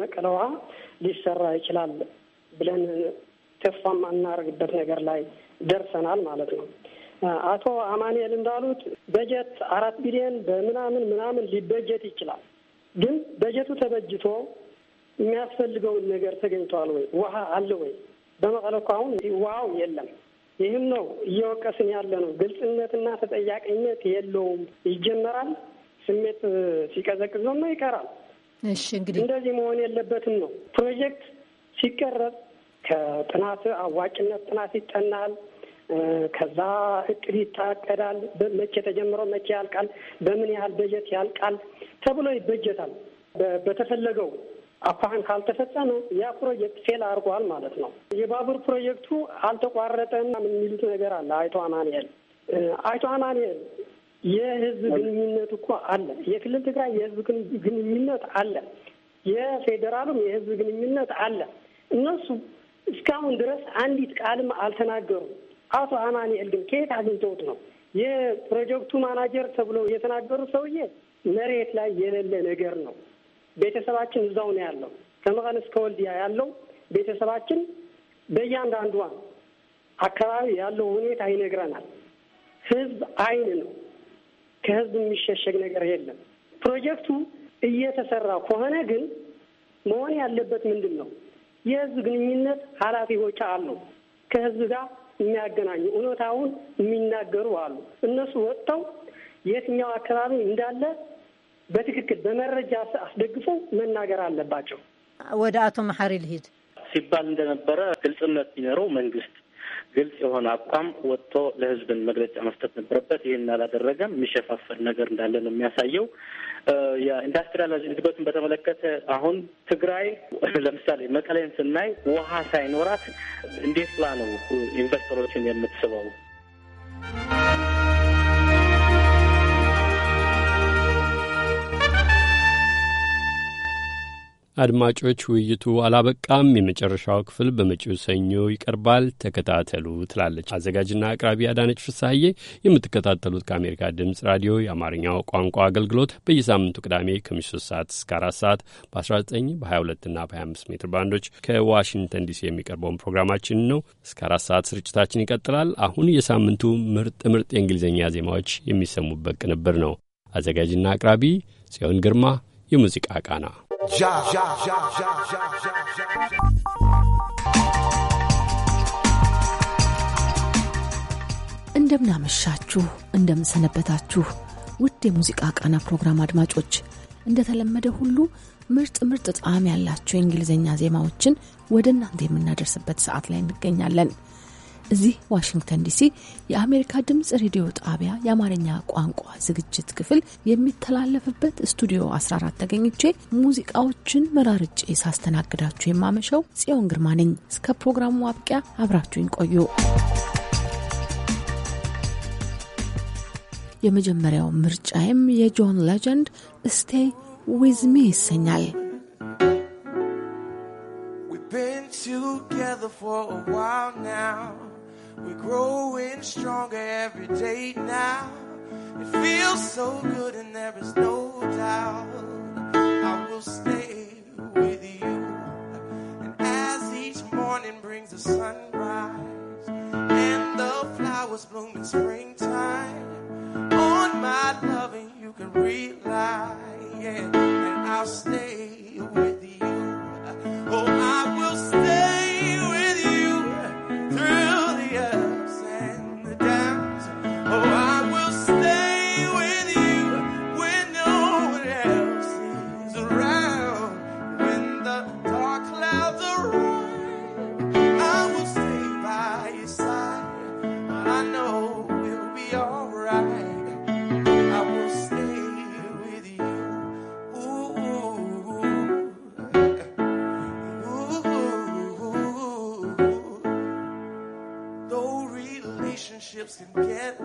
መቀለ ውሃ ሊሰራ ይችላል ብለን ተስፋ የማናደርግበት ነገር ላይ ደርሰናል ማለት ነው። አቶ አማንኤል እንዳሉት በጀት አራት ቢሊዮን በምናምን ምናምን ሊበጀት ይችላል። ግን በጀቱ ተበጅቶ የሚያስፈልገውን ነገር ተገኝቷል ወይ? ውሃ አለ ወይ? በመቀለ እኮ አሁን ውሃው የለም። ይህም ነው እየወቀስን ያለ ነው። ግልጽነትና ተጠያቂነት የለውም። ይጀመራል፣ ስሜት ሲቀዘቅዞ ነው ይቀራል። እሺ እንግዲህ እንደዚህ መሆን የለበትም ነው። ፕሮጀክት ሲቀረጽ ከጥናት አዋጭነት ጥናት ይጠናል። ከዛ እቅድ ይታቀዳል። መቼ ተጀምሮ መቼ ያልቃል፣ በምን ያህል በጀት ያልቃል ተብሎ ይበጀታል። በተፈለገው አኳህን ካልተፈጸመ ያ ፕሮጀክት ፌል አድርጓል ማለት ነው። የባቡር ፕሮጀክቱ አልተቋረጠም የሚሉት ነገር አለ። አይቶ አማንኤል አይቶ አማንኤል የህዝብ ግንኙነት እኮ አለ። የክልል ትግራይ የህዝብ ግንኙነት አለ። የፌዴራሉም የህዝብ ግንኙነት አለ። እነሱ እስካሁን ድረስ አንዲት ቃልም አልተናገሩም። አቶ አማንኤል ግን ከየት አግኝተውት ነው? የፕሮጀክቱ ማናጀር ተብሎ የተናገሩ ሰውዬ መሬት ላይ የሌለ ነገር ነው። ቤተሰባችን እዛው ነው ያለው። ከመቀን እስከ ወልዲያ ያለው ቤተሰባችን በእያንዳንዷ አካባቢ ያለው ሁኔታ ይነግረናል። ህዝብ አይን ነው። ከህዝብ የሚሸሸግ ነገር የለም። ፕሮጀክቱ እየተሰራ ከሆነ ግን መሆን ያለበት ምንድን ነው? የህዝብ ግንኙነት ኃላፊዎች አሉ። ከህዝብ ጋር የሚያገናኙ እውነታውን የሚናገሩ አሉ። እነሱ ወጥተው የትኛው አካባቢ እንዳለ በትክክል በመረጃ አስደግፈው መናገር አለባቸው። ወደ አቶ መሐሪ ልሂድ። ሲባል እንደነበረ ግልጽነት ቢኖረው መንግስት ግልጽ የሆነ አቋም ወጥቶ ለህዝብን መግለጫ መስጠት ነበረበት። ይህን አላደረገም። የሚሸፋፈል ነገር እንዳለ ነው የሚያሳየው። የኢንዱስትሪያል እድገቱን በተመለከተ አሁን ትግራይ ለምሳሌ መቀሌን ስናይ ውሃ ሳይኖራት እንዴት ላ ነው ኢንቨስተሮችን የምትስበው? አድማጮች፣ ውይይቱ አላበቃም። የመጨረሻው ክፍል በመጪው ሰኞ ይቀርባል። ተከታተሉ ትላለች አዘጋጅና አቅራቢ አዳነች ፍሳሐዬ። የምትከታተሉት ከአሜሪካ ድምፅ ራዲዮ የአማርኛው ቋንቋ አገልግሎት በየሳምንቱ ቅዳሜ ከምሽቱ 3 ሰዓት እስከ 4 ሰዓት በ19 በ22ና በ25 ሜትር ባንዶች ከዋሽንግተን ዲሲ የሚቀርበውን ፕሮግራማችን ነው። እስከ 4 ሰዓት ስርጭታችን ይቀጥላል። አሁን የሳምንቱ ምርጥ ምርጥ የእንግሊዝኛ ዜማዎች የሚሰሙበት ቅንብር ነው። አዘጋጅና አቅራቢ ጽዮን ግርማ የሙዚቃ ቃና já, já, já, já, já, já, já. እንደምናመሻችሁ እንደምንሰነበታችሁ ውድ የሙዚቃ ቃና ፕሮግራም አድማጮች እንደተለመደ ሁሉ ምርጥ ምርጥ ጣዕም ያላቸው የእንግሊዝኛ ዜማዎችን ወደ እናንተ የምናደርስበት ሰዓት ላይ እንገኛለን። እዚህ ዋሽንግተን ዲሲ የአሜሪካ ድምፅ ሬዲዮ ጣቢያ የአማርኛ ቋንቋ ዝግጅት ክፍል የሚተላለፍበት ስቱዲዮ 14 ተገኝቼ ሙዚቃዎችን መራርጬ ሳስተናግዳችሁ የማመሸው ጽዮን ግርማ ነኝ። እስከ ፕሮግራሙ አብቂያ አብራችሁኝ ቆዩ። የመጀመሪያው ምርጫዬም የጆን ሌጀንድ ስቴይ ዊዝ ሚ ይሰኛል። together for a while now We're growing stronger every day now. It feels so good, and there is no doubt I will stay with you. And as each morning brings the sunrise and the flowers bloom in springtime, on my loving you can rely, yeah, and I'll stay. can get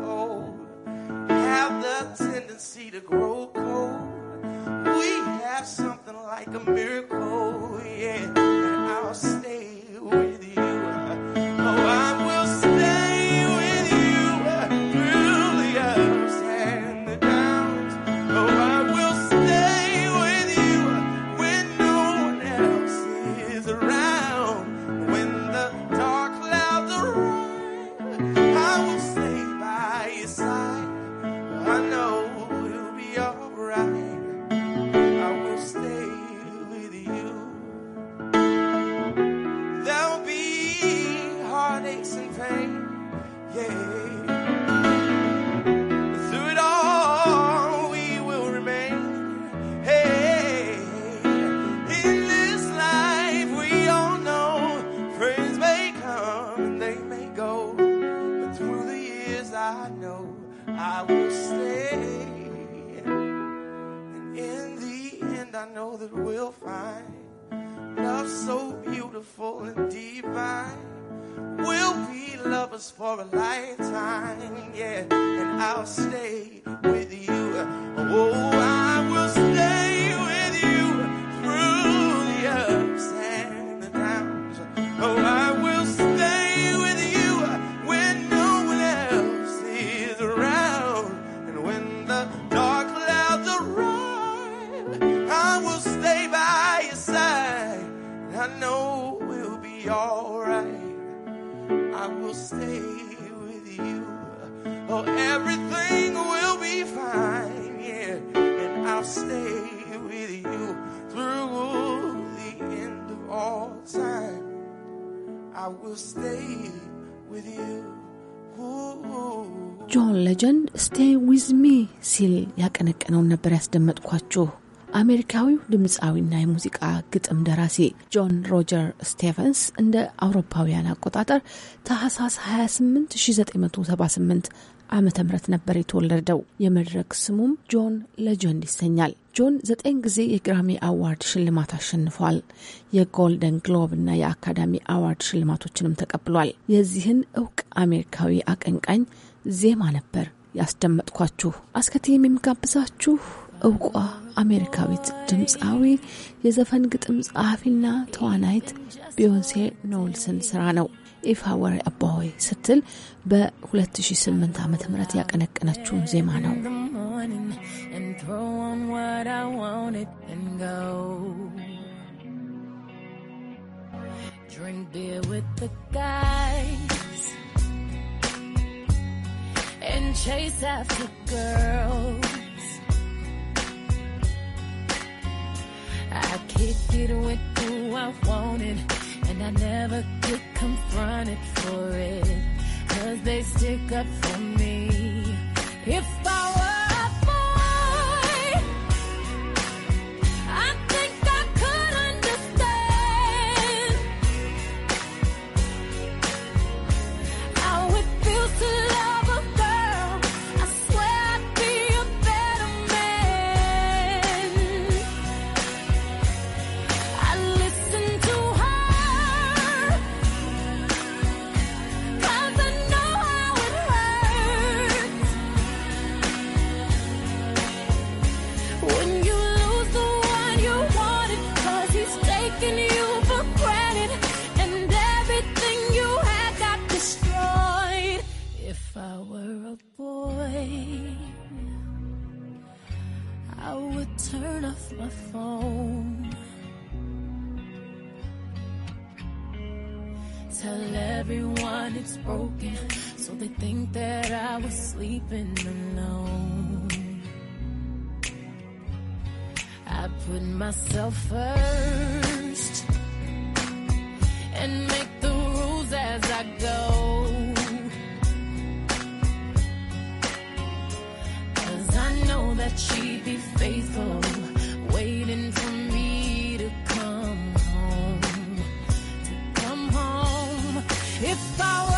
ነበር ያስደመጥኳችሁ። አሜሪካዊው ድምፃዊና የሙዚቃ ግጥም ደራሲ ጆን ሮጀር ስቴቨንስ እንደ አውሮፓውያን አቆጣጠር ታህሳስ 28 1978 ዓመተ ምህረት ነበር የተወለደው። የመድረክ ስሙም ጆን ሌጀንድ ይሰኛል። ጆን ዘጠኝ ጊዜ የግራሚ አዋርድ ሽልማት አሸንፏል። የጎልደን ግሎብ እና የአካዳሚ አዋርድ ሽልማቶችንም ተቀብሏል። የዚህን እውቅ አሜሪካዊ አቀንቃኝ ዜማ ነበር ያስደመጥኳችሁ። አስከቴም የሚጋብዛችሁ እውቋ አሜሪካዊት ድምፃዊ የዘፈን ግጥም ጸሐፊና ተዋናይት ቢዮንሴ ኖልስን ስራ ነው። ኢፋወር አባሆይ ስትል በ2008 ዓ ም ያቀነቀነችውን ዜማ ነው። Drink beer with the guys and chase after girls. I kick it with who I wanted, and I never get confronted for it. Cause they stick up for me. If I boy, I would turn off my phone. Tell everyone it's broken, so they think that I was sleeping alone. I put myself first and make the rules as I go. that she'd be faithful, waiting for me to come home. To come home. If I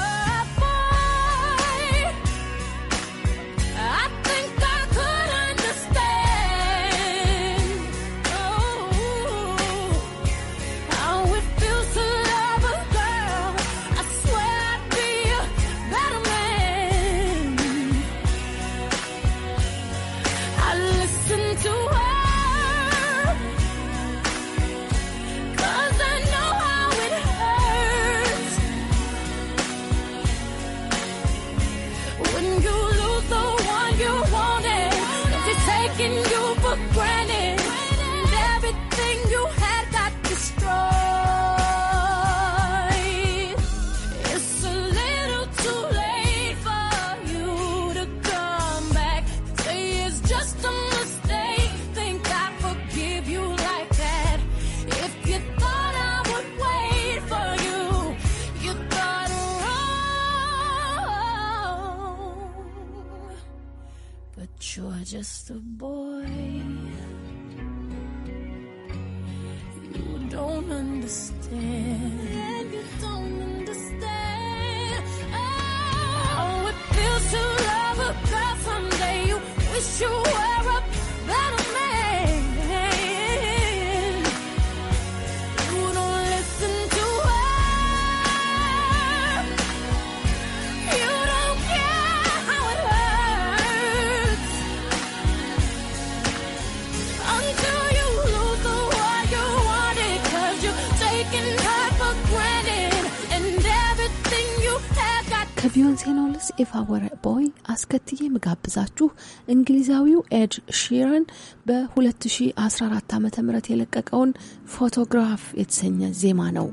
ከቢዮንሴ ኖልስ ኢፍ አይ ወር ቦይ አስከትዬ የምጋብዛችሁ እንግሊዛዊው ኤድ ሺረን በ2014 ዓ ም የለቀቀውን ፎቶግራፍ የተሰኘ ዜማ ነው።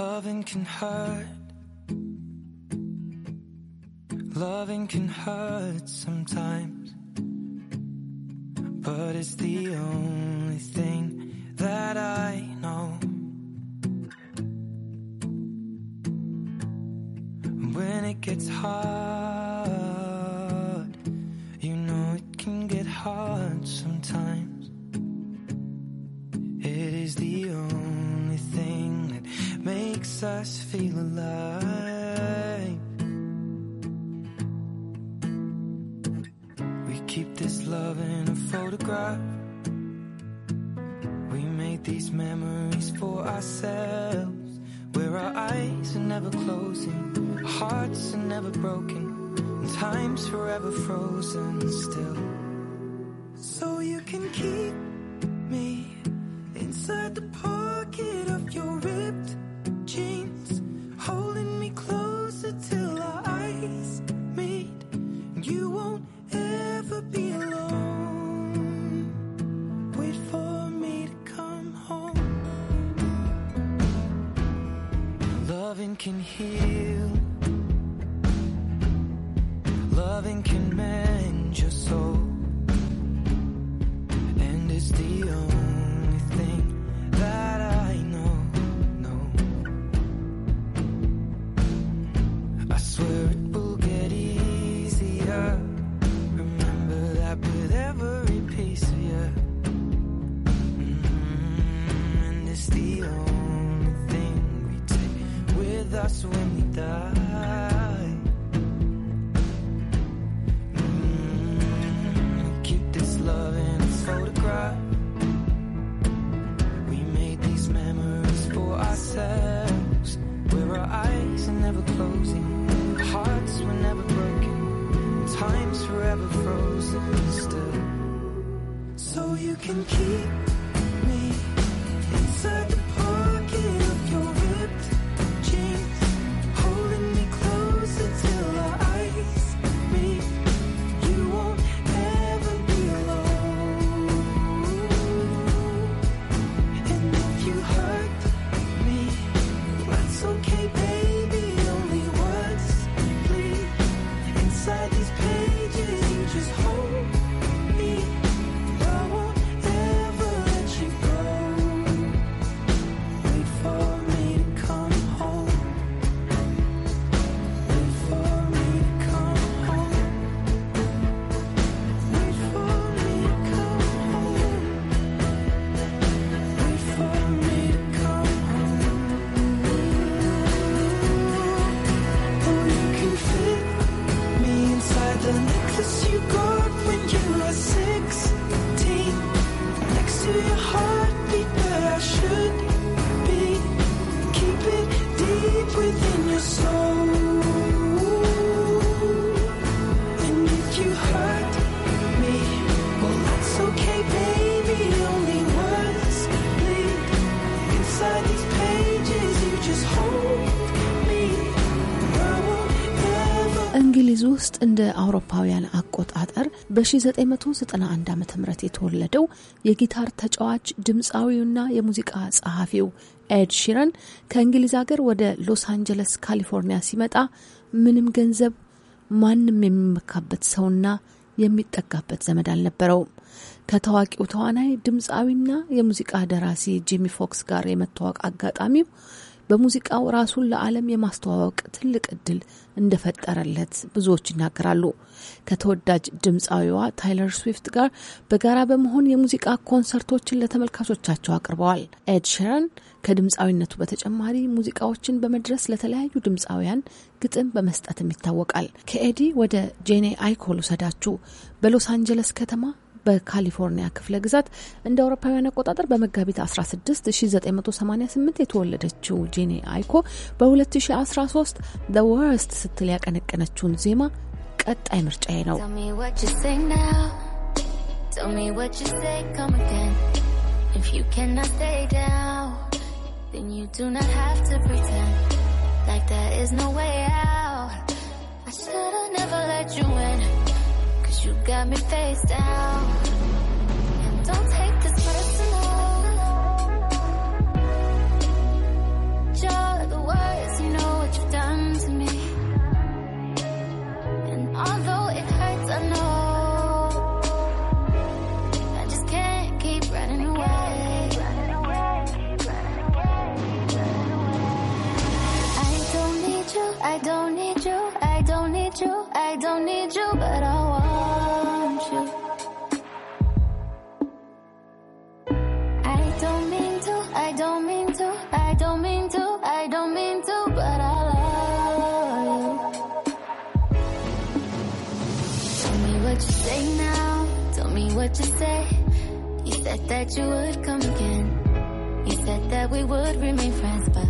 Loving can hurt. Loving can hurt sometimes. but it's the only thing that I know. When it gets hard, you know it can get hard sometimes. It is the only thing that makes us feel alive. Keep this love in a photograph. We made these memories for ourselves. Where our eyes are never closing, our hearts are never broken, and time's forever frozen still. So you can keep me inside the pocket of your ripped jeans. Loving can heal. Loving can mend your soul. And it's the only thing that I know. No. I swear us when እንደ አውሮፓውያን አቆጣጠር በ1991 ዓ ም የተወለደው የጊታር ተጫዋች ድምፃዊውና የሙዚቃ ጸሐፊው ኤድ ሺረን ከእንግሊዝ ሀገር ወደ ሎስ አንጀለስ ካሊፎርኒያ ሲመጣ ምንም ገንዘብ፣ ማንም የሚመካበት ሰውና የሚጠጋበት ዘመድ አልነበረውም። ከታዋቂው ተዋናይ ድምፃዊና የሙዚቃ ደራሲ ጂሚ ፎክስ ጋር የመተዋወቅ አጋጣሚው በሙዚቃው ራሱን ለዓለም የማስተዋወቅ ትልቅ እድል እንደፈጠረለት ብዙዎች ይናገራሉ። ከተወዳጅ ድምፃዊዋ ታይለር ስዊፍት ጋር በጋራ በመሆን የሙዚቃ ኮንሰርቶችን ለተመልካቾቻቸው አቅርበዋል። ኤድ ሸረን ከድምፃዊነቱ በተጨማሪ ሙዚቃዎችን በመድረስ ለተለያዩ ድምፃውያን ግጥም በመስጠትም ይታወቃል። ከኤዲ ወደ ጄኔ አይኮል ውሰዳችሁ በሎስ አንጀለስ ከተማ በካሊፎርኒያ ክፍለ ግዛት እንደ አውሮፓውያን አቆጣጠር በመጋቢት 16 1988 የተወለደችው ጄኒ አይኮ በ2013 ዘ ወርስት ስትል ያቀነቀነችውን ዜማ ቀጣይ ምርጫዬ ነው። I never let you in you got me face down Don't take this personal you the words, you know what you've done to me And although it hurts, I know I just can't keep running away. I don't need you, I don't need you, I don't need you, I don't need you, but I will what you said. You said that you would come again. You said that we would remain friends, but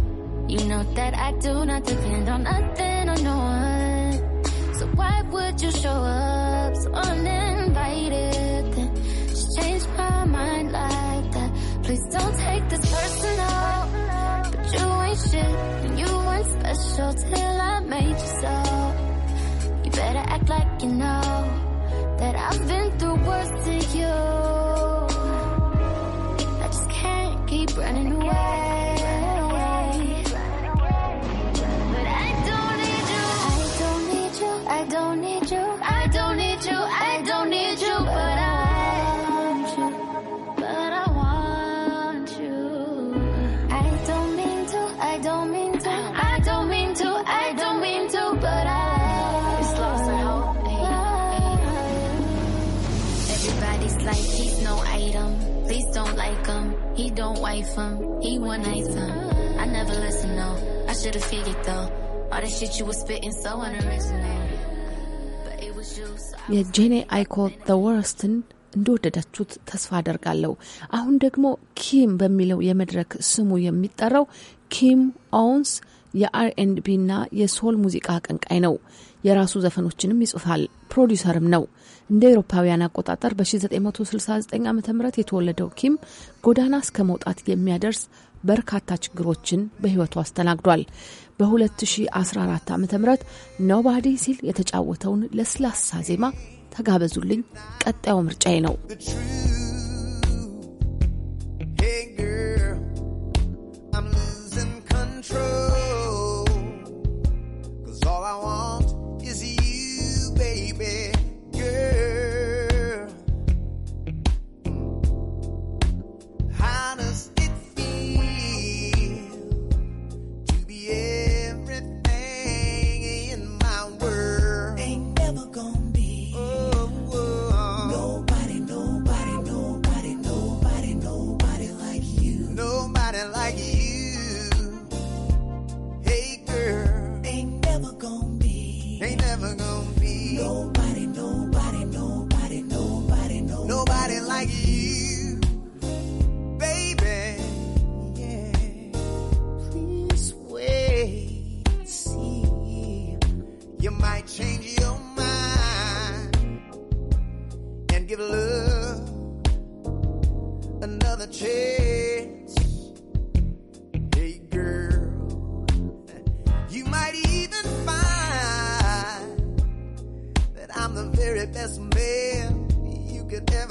you know that I do not depend on nothing or no one. So why would you show up so uninvited? Then just change my mind like that. Please don't take this personal, but you ain't shit and you weren't special till I made you so. You better act like you know that I've been through worse to you. I just can't keep running away. But I don't need you. I don't need you. I don't need you. don't wife him, he one night him. I never listen, no. I should've figured though. All that shit you was spitting so unoriginal. But it was you, so I was Jenny I called the worst and እንደወደዳችሁት ተስፋ አደርጋለሁ። አሁን ደግሞ ኪም በሚለው የመድረክ ስሙ የሚጠራው ኪም ኦውንስ የአርኤንቢ እና የሶል ሙዚቃ አቀንቃይ ነው። የራሱ ዘፈኖችንም ይጽፋል፣ ፕሮዲውሰርም ነው። እንደ ኤሮፓውያን አቆጣጠር በ1969 ዓ ም የተወለደው ኪም ጎዳና እስከ መውጣት የሚያደርስ በርካታ ችግሮችን በህይወቱ አስተናግዷል። በ2014 ዓ ም ኖባዲ ሲል የተጫወተውን ለስላሳ ዜማ ተጋበዙልኝ፣ ቀጣዩ ምርጫዬ ነው። True.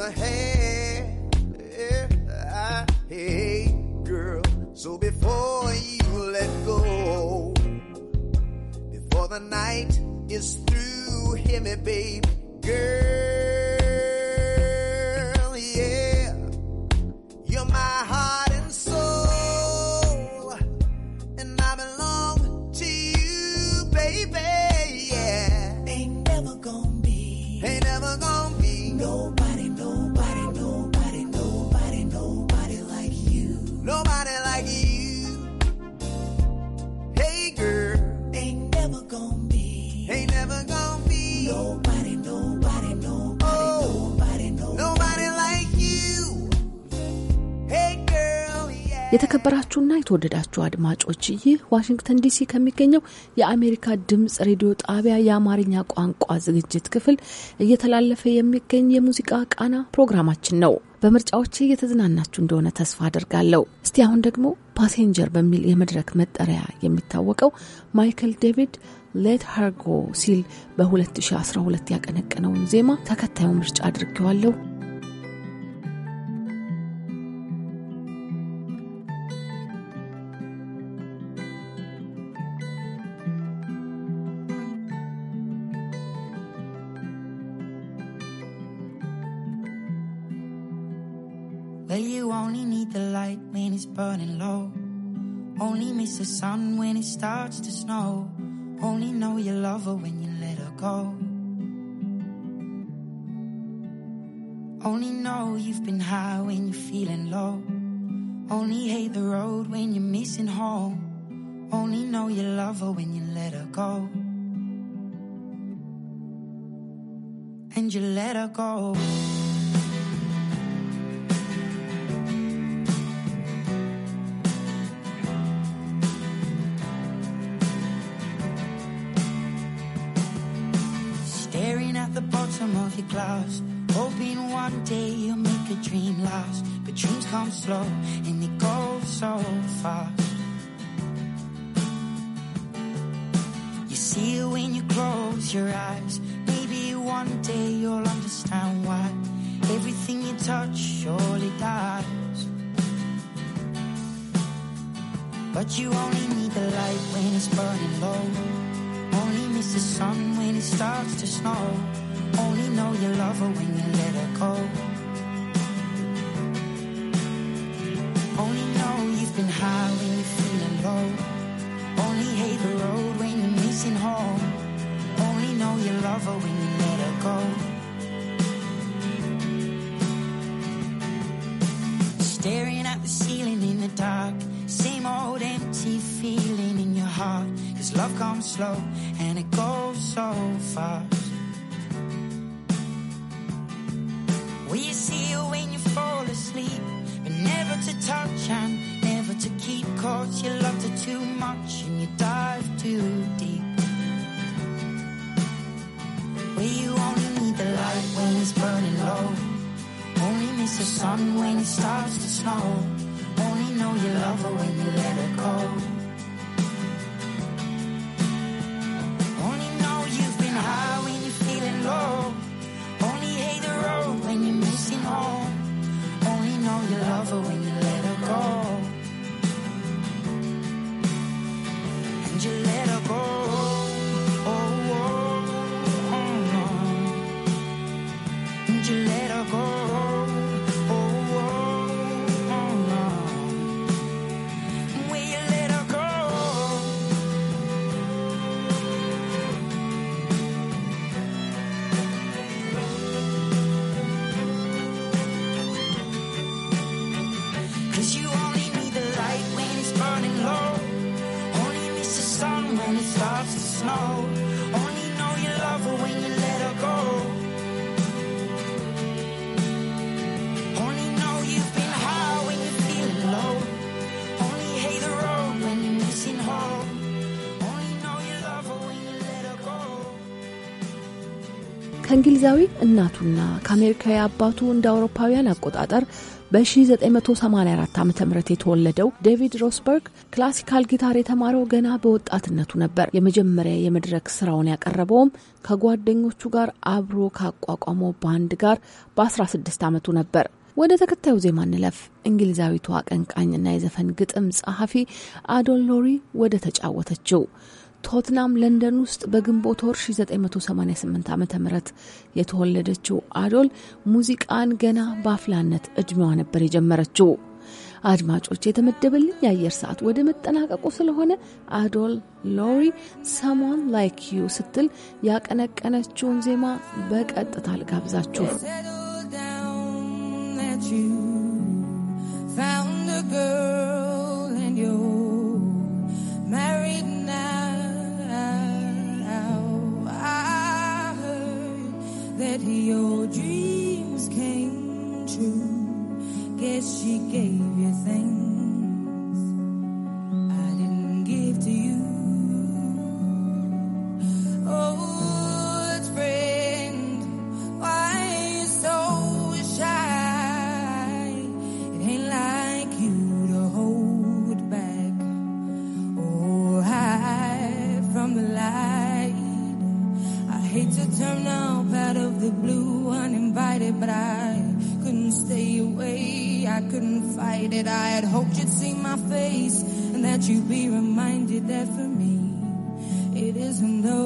Hey, had. I hate, girl. So before you let go, before the night is through, hear me, babe, girl. Yeah, you're my heart and soul, and I belong to you, baby. የተከበራችሁና የተወደዳችሁ አድማጮች ይህ ዋሽንግተን ዲሲ ከሚገኘው የአሜሪካ ድምፅ ሬዲዮ ጣቢያ የአማርኛ ቋንቋ ዝግጅት ክፍል እየተላለፈ የሚገኝ የሙዚቃ ቃና ፕሮግራማችን ነው። በምርጫዎቼ እየተዝናናችሁ እንደሆነ ተስፋ አድርጋለሁ። እስቲ አሁን ደግሞ ፓሴንጀር በሚል የመድረክ መጠሪያ የሚታወቀው ማይክል ዴቪድ ሌት ሃርጎ ሲል በ2012 ያቀነቀነውን ዜማ ተከታዩ ምርጫ አድርጌዋለሁ። the light when it's burning low. Only miss the sun when it starts to snow. Only know you love her when you let her go. Only know you've been high when you're feeling low. Only hate the road when you're missing home. Only know you love her when you let her go. And you let her go. clouds. Hoping one day you'll make a dream last. But dreams come slow and they go so fast. You see it when you close your eyes. Maybe one day you'll understand why everything you touch surely dies. But you only need the light when it's burning low. Only miss the sun when it starts to snow. Only know you love her when you let her go. Only know you've been high when you're feeling low. Only hate the road when you're missing home. Only know you love her when you let her go. Staring at the ceiling in the dark. Same old empty feeling in your heart. Cause love comes slow and it goes so fast. when you fall asleep, but never to touch and never to keep. Cause you loved her too much and you dive too deep. Where you only need the light when it's burning low, only miss the sun when it starts to snow. Only know you love her when you let her go. only know you've you're been high when low home. Only know you love her when you let her go. And you let her go. ከእንግሊዛዊ እናቱና ከአሜሪካዊ አባቱ እንደ አውሮፓውያን አቆጣጠር በ1984 ዓ ም የተወለደው ዴቪድ ሮስበርግ ክላሲካል ጊታር የተማረው ገና በወጣትነቱ ነበር። የመጀመሪያ የመድረክ ስራውን ያቀረበውም ከጓደኞቹ ጋር አብሮ ካቋቋመው ባንድ ጋር በ16 ዓመቱ ነበር። ወደ ተከታዩ ዜማ እንለፍ። እንግሊዛዊቷ አቀንቃኝና የዘፈን ግጥም ጸሐፊ አዶል ሎሪ ወደ ተጫወተችው ቶትናም ለንደን ውስጥ በግንቦት ወር 1988 ዓ ም የተወለደችው አዶል ሙዚቃን ገና በአፍላነት እድሜዋ ነበር የጀመረችው። አድማጮች፣ የተመደበልኝ የአየር ሰዓት ወደ መጠናቀቁ ስለሆነ አዶል ሎሪ ሰሞን ላይክ ዩ ስትል ያቀነቀነችውን ዜማ በቀጥታ ልጋብዛችሁ። Found a girl that your dreams came true. Guess she gave you things I didn't give to you. Oh. it. I had hoped you'd see my face and that you'd be reminded that for me, it isn't no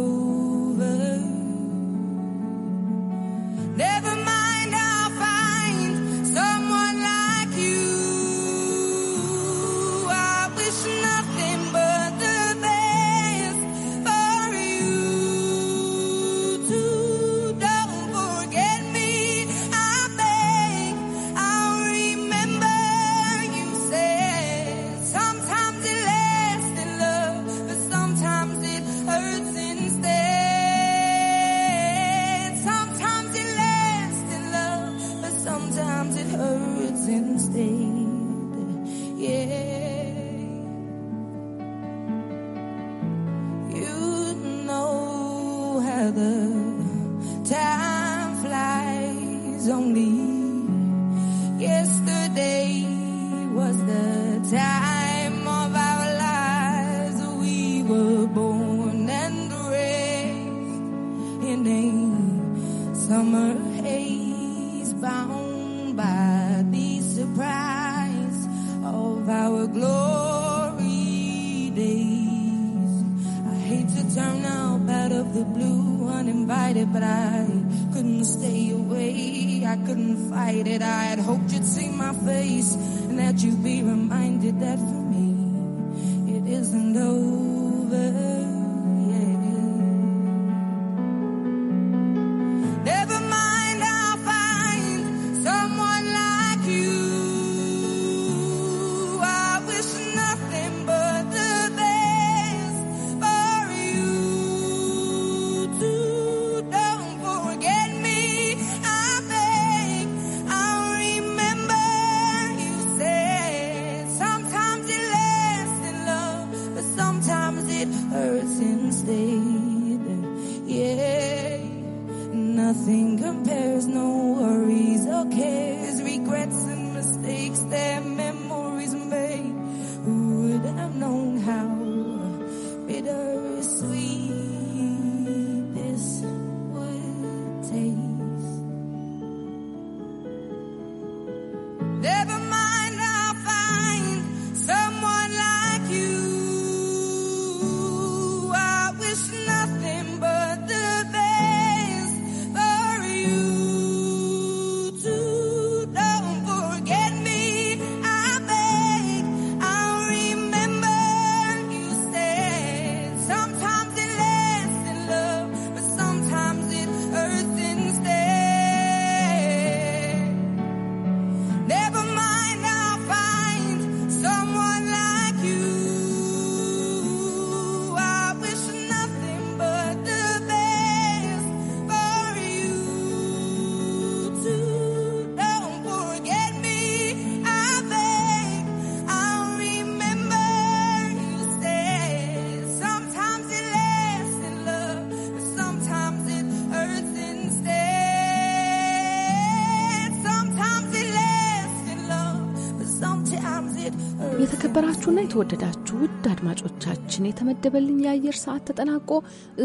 የተከበራችሁና የተወደዳችሁ ውድ አድማጮቻችን የተመደበልኝ የአየር ሰዓት ተጠናቆ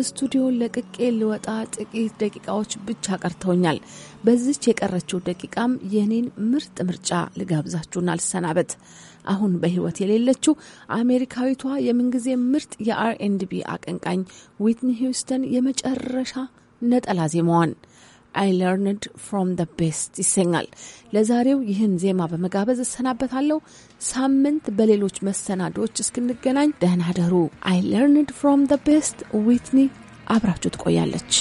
ስቱዲዮን ለቅቄ ልወጣ ጥቂት ደቂቃዎች ብቻ ቀርተውኛል። በዚች የቀረችው ደቂቃም የኔን ምርጥ ምርጫ ልጋብዛችሁና ልሰናበት። አሁን በሕይወት የሌለችው አሜሪካዊቷ የምንጊዜ ምርጥ የአርኤንድቢ አቀንቃኝ ዊትኒ ሂውስተን የመጨረሻ ነጠላ ዜማዋን አይ ለርንድ ፍሮም ደ ቤስት ይሰኛል። ለዛሬው ይህን ዜማ በመጋበዝ እሰናበታለሁ። ሳምንት በሌሎች መሰናዶዎች እስክንገናኝ ደህና ደሩ። አይ ለርንድ ፍሮም ደ ቤስት ዊትኒ አብራችሁ ትቆያለች።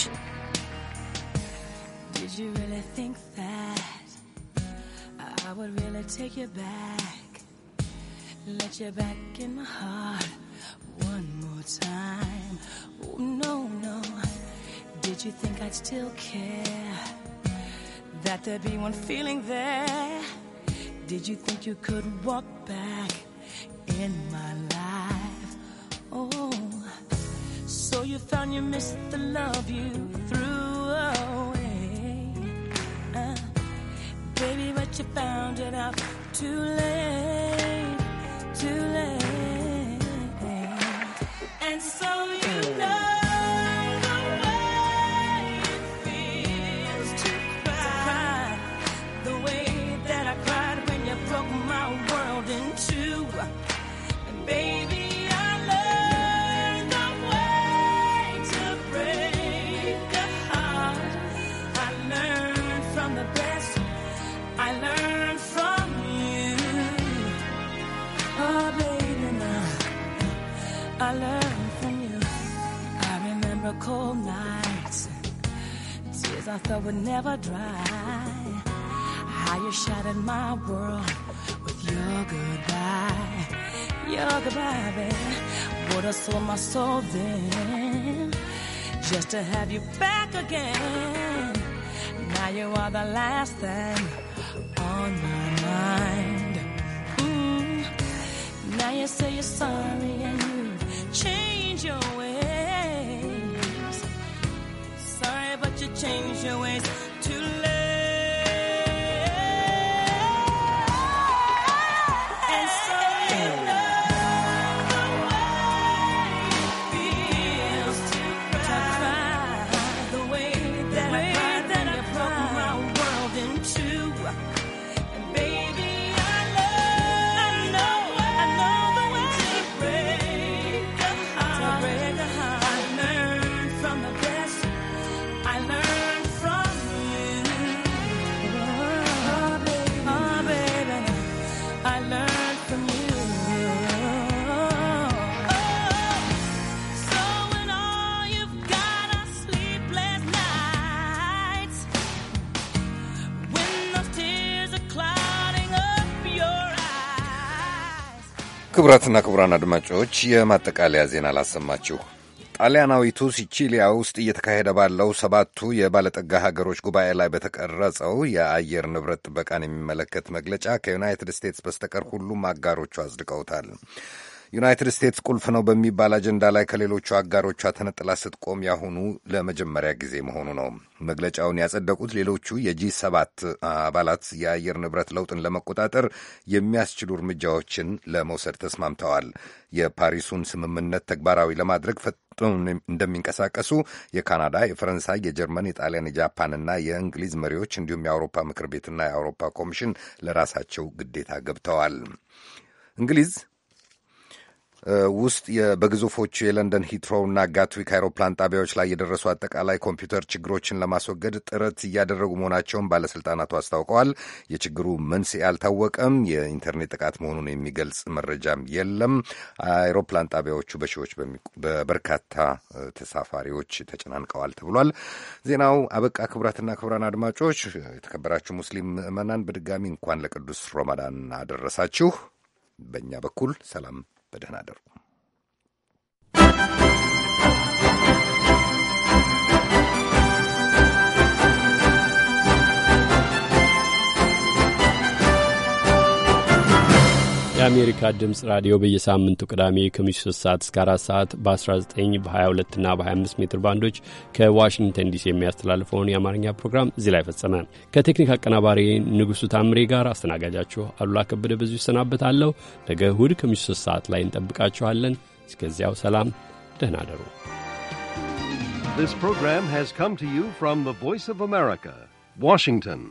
Did you think I'd still care? That there'd be one feeling there? Did you think you could walk back in my life? Oh, so you found you missed the love you threw away. Uh, baby, but you found it out too late, too late. And so you mm. know. cold nights, tears I thought would never dry. How you shattered my world with your goodbye, your goodbye, baby. What a soul, my soul then, just to have you back again. Now you are the last thing on my mind. Mm. Now you say you're sorry and you change your way. change your ways. ክቡራትና ክቡራን አድማጮች የማጠቃለያ ዜና ላሰማችሁ ጣሊያናዊቱ ሲቺሊያ ውስጥ እየተካሄደ ባለው ሰባቱ የባለጠጋ ሀገሮች ጉባኤ ላይ በተቀረጸው የአየር ንብረት ጥበቃን የሚመለከት መግለጫ ከዩናይትድ ስቴትስ በስተቀር ሁሉም አጋሮቹ አጽድቀውታል። ዩናይትድ ስቴትስ ቁልፍ ነው በሚባል አጀንዳ ላይ ከሌሎቹ አጋሮቿ ተነጥላ ስትቆም ያሁኑ ለመጀመሪያ ጊዜ መሆኑ ነው። መግለጫውን ያጸደቁት ሌሎቹ የጂ ሰባት አባላት የአየር ንብረት ለውጥን ለመቆጣጠር የሚያስችሉ እርምጃዎችን ለመውሰድ ተስማምተዋል። የፓሪሱን ስምምነት ተግባራዊ ለማድረግ ፈጥነው እንደሚንቀሳቀሱ የካናዳ፣ የፈረንሳይ፣ የጀርመን፣ የጣሊያን፣ የጃፓንና የእንግሊዝ መሪዎች እንዲሁም የአውሮፓ ምክር ቤትና የአውሮፓ ኮሚሽን ለራሳቸው ግዴታ ገብተዋል። እንግሊዝ ውስጥ በግዙፎቹ የለንደን ሂትሮውና ጋትዊክ አይሮፕላን ጣቢያዎች ላይ የደረሱ አጠቃላይ ኮምፒውተር ችግሮችን ለማስወገድ ጥረት እያደረጉ መሆናቸውን ባለስልጣናቱ አስታውቀዋል። የችግሩ መንስኤ አልታወቀም። የኢንተርኔት ጥቃት መሆኑን የሚገልጽ መረጃም የለም። አይሮፕላን ጣቢያዎቹ በሺዎች በበርካታ ተሳፋሪዎች ተጨናንቀዋል ተብሏል። ዜናው አበቃ። ክቡራትና ክቡራን አድማጮች፣ የተከበራችሁ ሙስሊም ምዕመናን በድጋሚ እንኳን ለቅዱስ ሮማዳን አደረሳችሁ። በእኛ በኩል ሰላም በደህና አደሩ። የአሜሪካ ድምፅ ራዲዮ በየሳምንቱ ቅዳሜ ከምሽቱ 3 ሰዓት እስከ 4 ሰዓት በ19 በ22 እና በ25 ሜትር ባንዶች ከዋሽንግተን ዲሲ የሚያስተላልፈውን የአማርኛ ፕሮግራም እዚህ ላይ ፈጸመ። ከቴክኒክ አቀናባሪ ንጉሡ ታምሬ ጋር አስተናጋጃችሁ አሉላ ከበደ በዚሁ ይሰናበታለሁ። ነገ እሁድ ከምሽቱ 3 ሰዓት ላይ እንጠብቃችኋለን። እስከዚያው ሰላም፣ ደህና አደሩ። This program has come to you from the Voice of America, Washington.